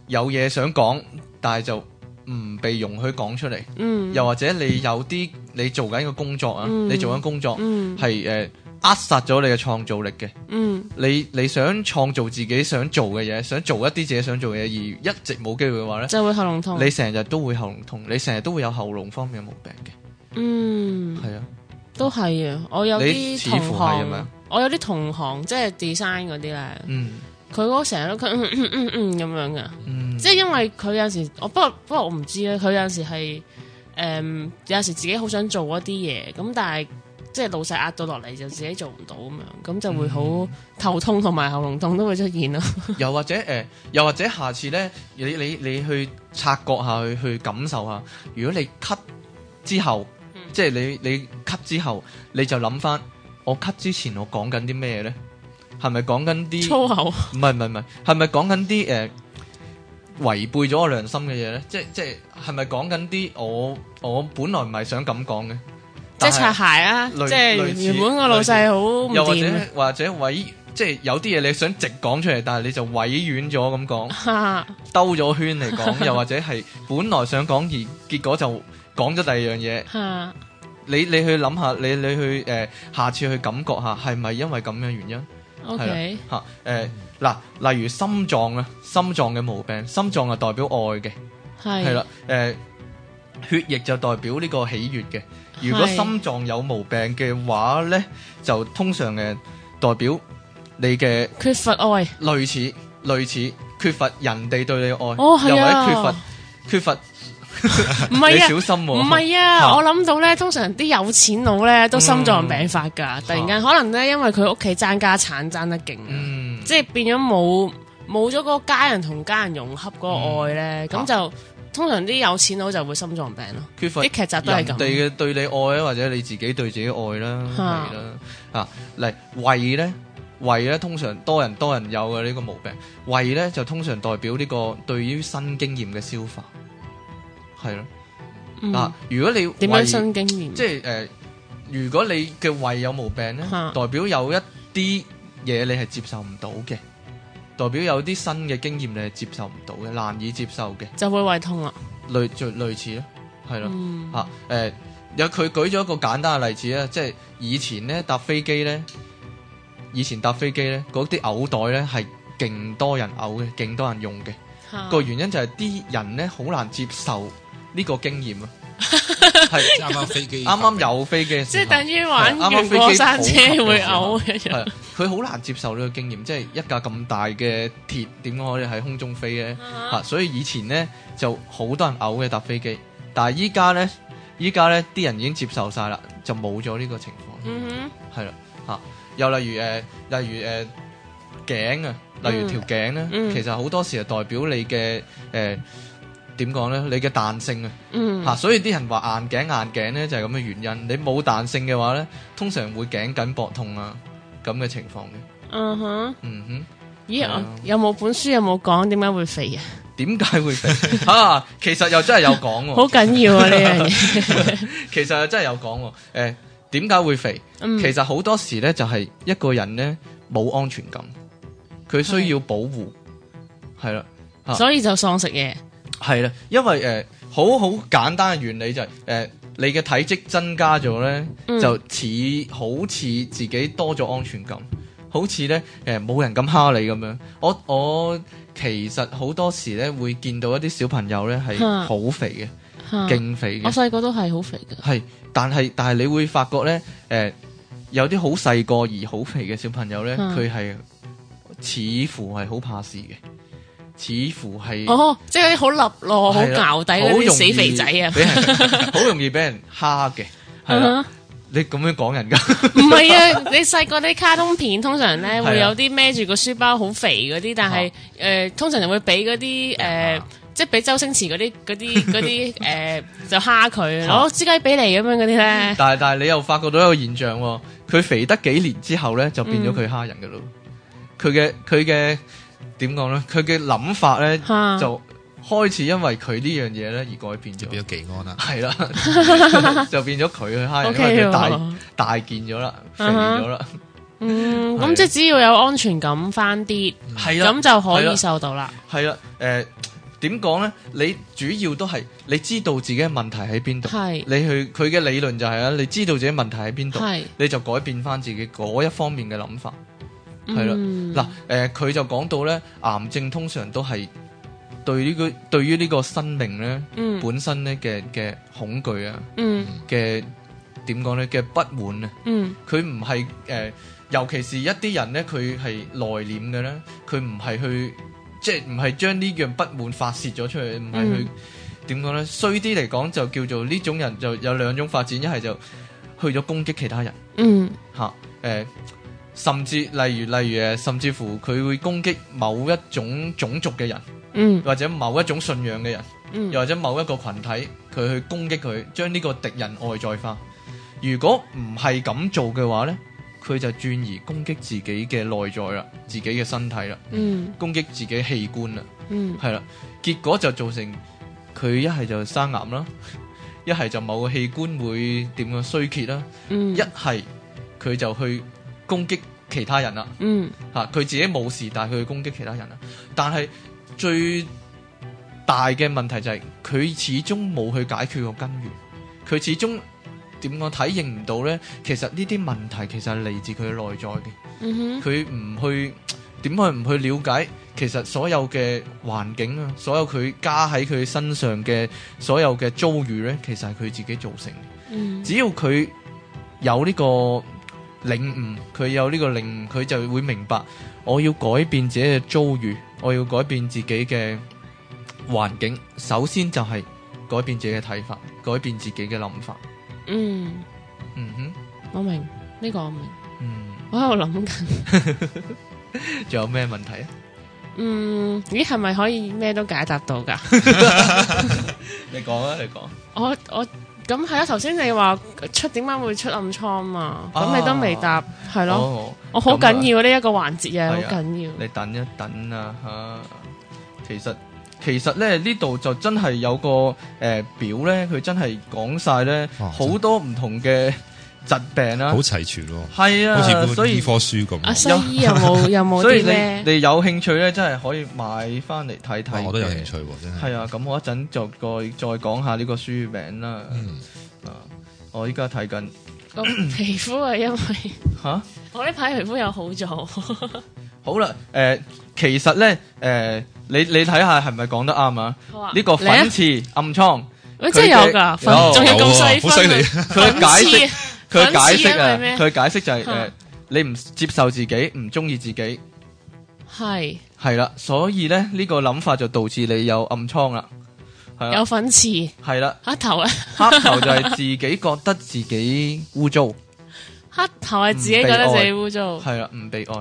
有嘢想講，但係就唔被容許講出嚟，嗯，又或者你有啲你做緊個工作啊，嗯，你做緊工作，嗯，係誒。嗯扼殺咗你嘅創造力嘅，嗯，你你想創造自己想做嘅嘢，想做一啲自己想做嘅嘢，而一直冇機會嘅話咧，就會喉嚨痛。你成日都會喉嚨痛，你成日都會有喉嚨方面嘅毛病嘅。嗯，係啊，都係啊，我有啲係咁樣，我有啲同行，即係 design 嗰啲咧。佢嗰成日都佢咁樣噶，即係因為佢有時，我不不過我唔知啦。佢有時係誒、嗯，有時自己好想做一啲嘢，咁但係。即係老細壓到落嚟，就自己做唔到咁樣，咁就會好頭痛同埋喉嚨痛都會出現咯、嗯。 [laughs] 又或者誒、呃，又或者下次咧，你你你去察覺下，去去感受下，如果你咳之後，嗯、即係你你咳之後，你就諗翻我咳之前我講緊啲咩咧？係咪講緊啲粗口？唔係唔係唔係，係咪講緊啲誒違背咗我良心嘅嘢咧？即即係咪講緊啲我我本來唔係想咁講嘅？即係擦鞋啊！即係原本個老細好唔掂。又或者或者委即係有啲嘢你想直講出嚟，但係你就委婉咗咁講，兜咗圈嚟講。又或者係本來想講而結果就講咗第二樣嘢。你你去諗下，你你去誒，下次去感覺下，係咪因為咁樣原因？係啦吓誒，嗱，例如心臟啊，心臟嘅毛病，心臟係代表愛嘅係啦，誒，血液就代表呢個喜悅嘅。如果心臟有毛病嘅話咧，就通常嘅代表你嘅缺乏愛，類似類似缺乏人哋對你嘅愛，哦啊，又或者缺乏缺乏，要 [laughs] [laughs] 小心喎，啊。唔係啊，啊，啊，我諗到咧，通常啲有錢佬咧都心臟病發噶、嗯，突然間，啊，可能咧因為佢屋企爭家產爭得勁，嗯，即係變咗冇冇咗個家人同家人融合個愛咧，咁，嗯，就。啊通常啲有錢佬就會心臟病咯，啲劇集都係咁。人哋嘅對你愛啦，或者你自己對自己愛啦，係啦。啊，嚟，胃咧，胃咧通常多人多人有嘅呢個毛病。胃咧就通常代表呢個對於新經驗嘅消化，係咯、嗯。啊，如果你點樣新經驗？即係誒、呃，如果你嘅胃有毛病咧、啊，代表有一啲嘢你係接受唔到嘅。代表有啲新嘅經驗你係接受唔到嘅，難以接受嘅，就會胃痛啊。類，類似咯，係咯嚇誒。有、嗯、佢、啊呃、舉咗一個簡單嘅例子咧，即、就、係、是、以前咧搭飛機咧，以前搭飛機咧嗰啲嘔袋咧係勁多人嘔嘅，勁多人用嘅。個、啊、原因就係啲人咧好難接受呢個經驗啊。係啱啱飛機，啱啱有飛機，即係等於玩過山車會嘔一樣。係佢好難接受呢個經驗，即係一架咁大嘅鐵，點解可以喺空中飛咧？吓、uh-huh.，所以以前咧就好多人嘔嘅搭飛機。但係依家咧，依家咧啲人已經接受晒啦，就冇咗呢個情況。嗯哼，係啦吓。又例如誒、呃，例如誒頸啊，例如條頸咧，mm-hmm. 其實好多時係代表你嘅誒。呃點講呢？你嘅彈性、嗯、啊，吓，所以啲人話硬頸硬頸呢就係咁嘅原因。你冇彈性嘅話呢，通常會頸緊膊痛啊，咁嘅情況嘅。嗯哼，嗯哼，咦，啊、有冇本書有冇講點解會肥啊？點解會肥 [laughs] 啊？其實又真係有講、啊，好 [laughs] 緊要啊呢樣嘢。其實真係有講，誒，點解會肥？其實好多時呢，就係一個人呢冇安全感，佢需要保護，係啦、啊，所以就喪食嘢。係啦，因為誒，好、呃、好簡單嘅原理就係、是，誒、呃，你嘅體積增加咗咧、嗯，就似好似自己多咗安全感，好似咧，誒、呃，冇人咁蝦你咁樣。我我其實好多時咧會見到一啲小朋友咧係好肥嘅，勁、啊、肥嘅、啊。我細個都係好肥嘅。係，但係但係你會發覺咧，誒、呃，有啲好細個而好肥嘅小朋友咧，佢、啊、係似乎係好怕事嘅。似乎係哦，oh, 即係啲好立咯，好咬底嗰啲死肥仔、 [laughs] [laughs] uh-huh. 啊，好容易俾人蝦嘅。你咁樣講人噶？唔係啊，你細個啲卡通片通常咧會有啲孭住個書包好肥嗰啲，但係誒、uh-huh. 呃、通常就會俾嗰啲誒，呃 uh-huh. 即係俾周星馳嗰啲嗰啲嗰啲誒就蝦佢哦，雞雞俾你咁樣嗰啲咧。但係但係你又發覺到一個現象，佢肥得幾年之後咧就變咗佢蝦人噶咯，佢嘅佢嘅。點講咧？佢嘅諗法咧就開始，因為佢呢樣嘢，咧而改變咗，變咗技安啦，係啦，就變咗佢去因大 [laughs] 大件咗啦，肥咗啦。嗯，咁 [laughs] 即係只要有安全感翻啲，係、嗯、咁就可以受到啦。係啦，誒，點講咧？你主要都係你知道自己嘅問題喺邊度，係你去佢嘅理論就係啦，你知道自己的問題喺邊度，係你就改變翻自己嗰一方面嘅諗法。係、嗯、啦，嗱，誒、呃，佢就講到咧，癌症通常都係對於、這、佢、個、對於呢個生命咧、嗯，本身咧嘅嘅恐懼啊，嘅點講咧嘅不滿啊，佢唔係誒，尤其是一啲人咧，佢係內斂嘅咧，佢唔係去即係唔係將呢樣不滿發泄咗出去，唔係去、嗯、說呢點講咧，衰啲嚟講就叫做呢種人就有兩種發展，一係就去咗攻擊其他人，嗯，吓、啊，誒、呃。甚至例如例如誒，甚至乎佢會攻擊某一種種族嘅人、嗯，或者某一種信仰嘅人、嗯，又或者某一個群體，佢去攻擊佢，將呢個敵人外在化。如果唔係咁做嘅話呢，佢就轉移攻擊自己嘅內在啦，自己嘅身體啦、嗯，攻擊自己的器官啦，係、嗯、啦，結果就造成佢一係就生癌啦，一係就某個器官會點樣衰竭啦，一係佢就去。攻擊其他人啦，嚇、嗯、佢自己冇事，但係佢去攻擊其他人啦。但係最大嘅問題就係、是、佢始終冇去解決個根源，佢始終點我體認唔到咧。其實呢啲問題其實係嚟自佢內在嘅，佢、嗯、唔去點去唔去了解，其實所有嘅環境啊，所有佢加喺佢身上嘅所有嘅遭遇咧，其實係佢自己造成嘅、嗯。只要佢有呢、呢個。領悟佢有呢個領悟，佢就會明白我要改變自己嘅遭遇，我要改變自己嘅環境。首先就係改變自己嘅睇法，改變自己嘅諗法。嗯嗯哼，我明呢個我明。嗯，我喺度諗緊，仲 [laughs] 有咩問題啊？嗯咦，係咪可以咩都解答到噶？ [laughs] [laughs] 你講啊，你講。我我。咁係啊，頭先你話出點解會出暗瘡嘛、啊？咁、啊、你都未答，係、啊、咯？我好緊要呢一個環節啊，好、這、緊、個、要、啊。你等一等啊吓！其實其實咧呢度就真係有個誒、呃、表咧，佢真係講晒咧好多唔同嘅。疾病啦、啊哦啊，好齊全咯，係啊，好似本科書咁，啊西醫有冇有冇啲咧？你有興趣咧，真係可以買翻嚟睇睇。我都有興趣喎、哦，真係、啊嗯。啊，咁我一陣就再再講下呢個書名啦。我依家睇緊皮膚啊，因為吓、啊，我呢排皮膚又好咗。 [laughs] 好啦、啊，誒、呃，其實咧，誒、呃，你你睇下係咪講得啱啊？呢、啊這個粉刺、啊、暗瘡，喂、欸，真係有噶，粉仲有咁犀利！佢、啊、解釋。 [laughs] 佢解釋、就是、啊，佢解釋就係誒，你唔接受自己，唔中意自己，係係啦，所以咧呢、這個諗法就導致你有暗瘡啦，係有粉刺，係啦，黑頭啊， [laughs] 黑頭就係自己覺得自己污糟，黑頭係自己覺得自己污糟，係啦，唔被愛，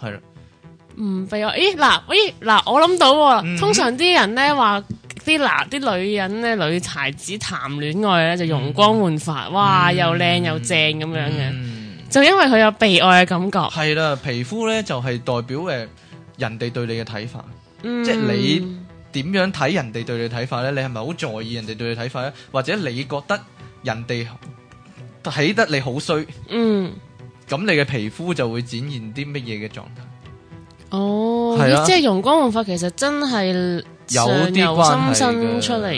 係啦，唔被愛，咦嗱，咦嗱，我諗到、嗯，通常啲人咧話說啲男啲女人咧，女才子談戀愛咧就容光煥發，哇，嗯，又靚又正咁，嗯，樣嘅，嗯。就因為佢有被愛嘅感覺。係啦，皮膚咧就係、是、代表誒人哋對你嘅睇法，即、嗯、係、就是、你點樣睇人哋對你睇法咧？你係咪好在意人哋對你睇法咧？或者你覺得人哋睇得你好衰？嗯，咁你嘅皮膚就會展現啲乜嘢嘅狀態？哦，啊、即係容光煥發，其實真係。有啲關係嘅。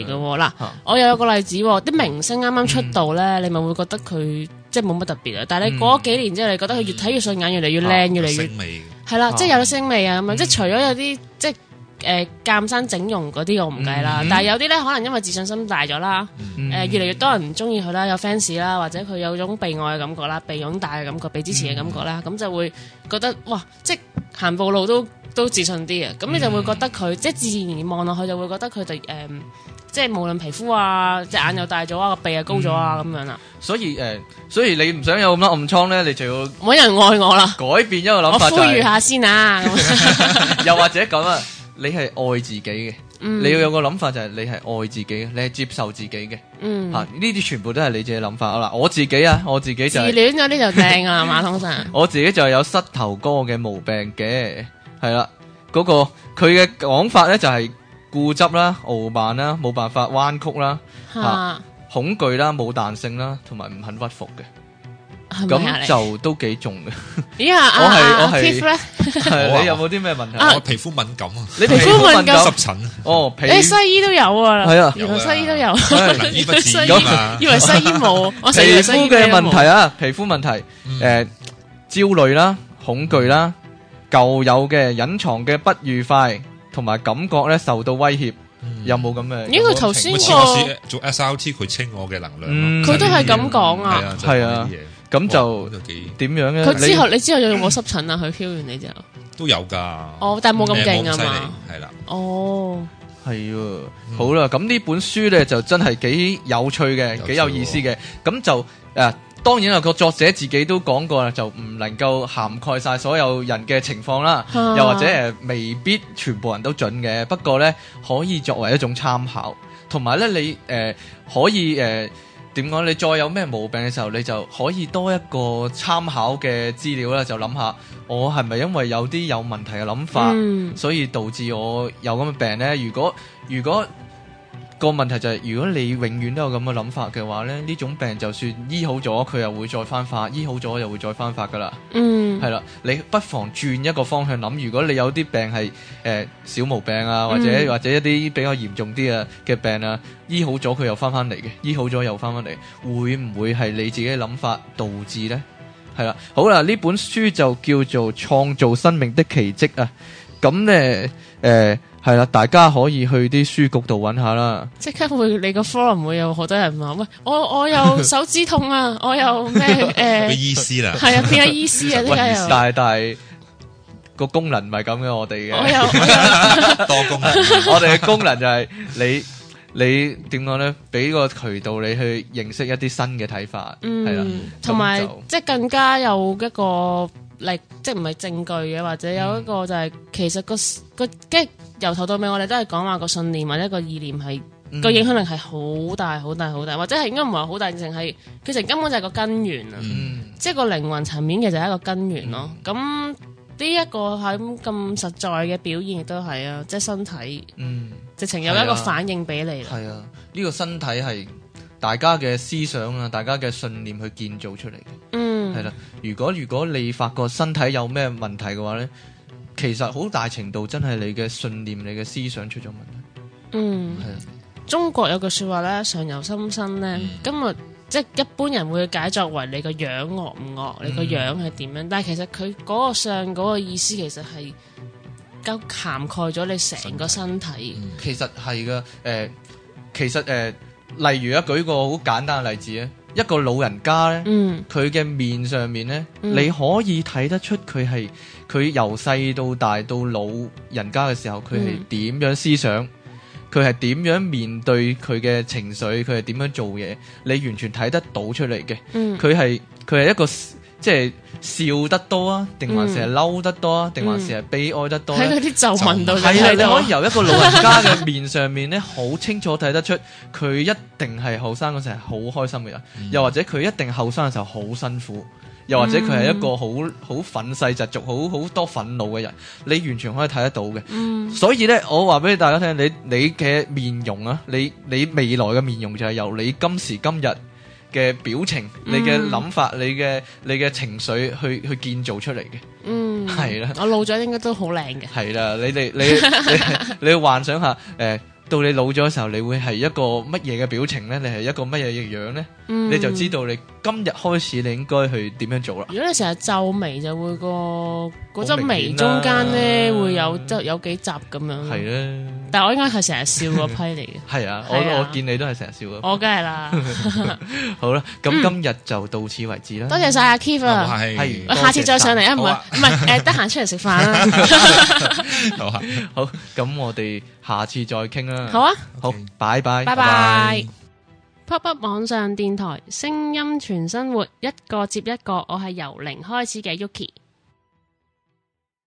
嗱、啊，我又有一個例子，啲明星啱啱出道咧、嗯，你咪會覺得佢即係冇乜特別啊？但係你過咗幾年之後，你覺得佢越睇越順眼，越嚟越靚、啊，越嚟越係啦、啊，即係有星味啊咁樣、啊。即係除咗有啲即係誒、呃、鑑生整容嗰啲，我唔計啦。但係有啲咧，可能因為自信心大咗啦，誒、嗯呃、越嚟越多人唔中意佢啦，有 fans 啦，或者佢有種被愛嘅感覺啦，被擁戴嘅感覺，被支持嘅感覺啦，咁、嗯、就會覺得哇，即係行步路都。都自信啲啊！咁你就會覺得佢即係自然望落去，佢就會覺得佢哋誒，即係無論皮膚啊，隻眼又大咗啊，個鼻又高咗啊，咁樣啦。所以誒，所以你唔想有咁多暗瘡咧，你就要冇人愛我啦。改變一個諗法，我呼籲下先啊。又或者咁啊，你係愛自己嘅，你要有個諗法就係你係愛自己嘅，你係接受自己嘅。嗯，吓呢啲全部都係你自己諗法啊啦！我自己啊，我自己就自戀咗呢就正啊，馬通神。我自己就係有膝頭哥嘅毛病嘅。係啦，嗰個佢嘅講法咧就係固執啦、傲慢啦、冇辦法彎曲啦、恐懼啦、冇彈性啦，同埋唔肯屈服嘅，咁就都幾重嘅。咦啊，我係我係，皮膚咧，係你有冇啲咩問題？我皮膚敏感啊，你皮膚敏感濕疹啊？哦，你西醫都有啊？係啊，西醫都有，西醫不治啊嘛？以為西醫冇，我皮膚嘅問題啊，皮膚問題，誒，焦慮啦，恐懼啦。舊有嘅隱藏嘅不愉快同埋感覺咧，受到威脅，有冇咁嘅？咦，佢頭先做 SRT，佢清我嘅能量，佢都係咁講啊，係啊，係啊，咁就點樣咧？佢之後你之後有冇濕疹啊？佢 heal 完你之後都有噶。哦，但係冇咁勁啊嘛，係啦，哦，係，好啦，咁呢本書咧就真係幾有趣嘅，幾有意思嘅，咁就誒。當然啊，個作者自己都講過啦，就唔能夠涵蓋晒所有人嘅情況啦、啊，又或者誒、呃，未必全部人都準嘅。不過呢，可以作為一種參考。同埋呢，你誒、呃、可以誒點講？你再有咩毛病嘅時候，你就可以多一個參考嘅資料啦。就諗下，我係咪因為有啲有問題嘅諗法、嗯，所以導致我有咁嘅病呢？如果如果。個問題就係、是，如果你永遠都有咁嘅諗法嘅話呢，呢種病就算醫好咗，佢又會再翻發；醫好咗又會再翻發噶啦。嗯，係啦，你不妨轉一個方向諗。如果你有啲病係誒、呃、小毛病啊，或者、嗯、或者一啲比較嚴重啲啊嘅病啊，醫好咗佢又翻翻嚟嘅，醫好咗又翻翻嚟，會唔會係你自己諗法導致呢？係啦，好啦，呢本書就叫做《創造生命的奇跡》啊。咁、啊、咧，誒、嗯。呃 [laughs] 係啦，大家可以去啲書局度揾下啦。即刻會你個 forum 會有好多人話，喂，我我有手指痛啊， [laughs] 我有咩誒？個意思啦，係啊，點解意思啊？點解又？但係但係個功能唔係咁嘅，我哋嘅 [laughs] 多功能。 [laughs] 我哋嘅功能就係、是、你你點講咧？俾個渠道你去認識一啲新嘅睇法，係、嗯、啦，同埋即係更加有一個。即係唔係證據嘅，或者有一個就係、是嗯、其實、那個個即係由頭到尾，我哋都係講話個信念或者個意念係個、嗯、影響力係好大好大好大，或者係應該唔係好大，而淨係其實根本就係個根源啊！即係個靈魂層面其實係一個根源咯。咁、嗯、呢一個係咁、嗯、這個、實在嘅表現亦都係啊，即係身體，嗯、直情有一個反應俾你。係啊，呢、啊、這個身體係大家嘅思想啊，大家嘅信念去建造出嚟嘅。嗯係啦，如果如果你發覺身體有咩問題嘅話咧，其實好大程度真係你嘅信念，你嘅思想出咗問題。嗯，係啊。中國有句話說話咧，相由心生咧，嗯，今日即係一般人會解作為你個樣惡唔惡，你個樣係點樣，嗯，但係其實佢嗰個相嗰個意思，其實係夠涵蓋咗你成個身體。其實係噶，誒，嗯，其實誒，呃呃，例如啊，舉一個好簡單嘅例子啊。一個老人家咧，嗯、佢嘅面上面咧，嗯，你可以睇得出佢係佢由細到大到老人家嘅時候，佢係點樣思想，佢係點樣面對佢嘅情緒，佢係點樣做嘢，你完全睇得到出嚟嘅。嗯，佢係佢係一個。即係笑得多啊，定還是係嬲得多啊，定、嗯、還是係悲哀得多？喺嗰啲皺紋度，係啊，你可以由一個老人家嘅面上面咧，好 [laughs] 清楚睇得出佢一定係後生嗰時係好開心嘅人，嗯，又或者佢一定後生嘅時候好辛苦，又或者佢係一個好好憤世嫉俗、好好多憤怒嘅人，你完全可以睇得到嘅，嗯。所以咧，我話俾大家聽，你你嘅面容啊，你你未來嘅面容就係由你今時今日。嘅表情，嗯、你嘅諗法，你嘅你嘅情緒去，去去建造出嚟嘅，嗯，係啦，我老咗應該都好靚嘅，係啦，你哋你 [laughs] 你你，你，你幻想下，嗯呃到你老咗嘅時候，你會係一個乜嘢嘅表情咧？你係一個乜嘢嘅樣咧？你就知道你今日開始你應該去點樣做啦。如果你成日皺眉，就會個嗰針眉中間咧會有有有幾雜咁樣。係啊，但係我應該係成日笑嗰批嚟嘅。係啊，我我見你都係成日笑嗰批啊。我梗係啦。好啦，咁今日就到此為止啦。多謝晒阿 Keeve，係，我下次再上嚟啊，唔係，唔係，誒，得閒出嚟食飯啦。好啊，好，咁我哋。下次再傾啦，好啊，好，拜、okay. 拜，拜拜。PopUp 網上電台，聲音全生活，一個接一個，我係由零開始嘅 Yuki。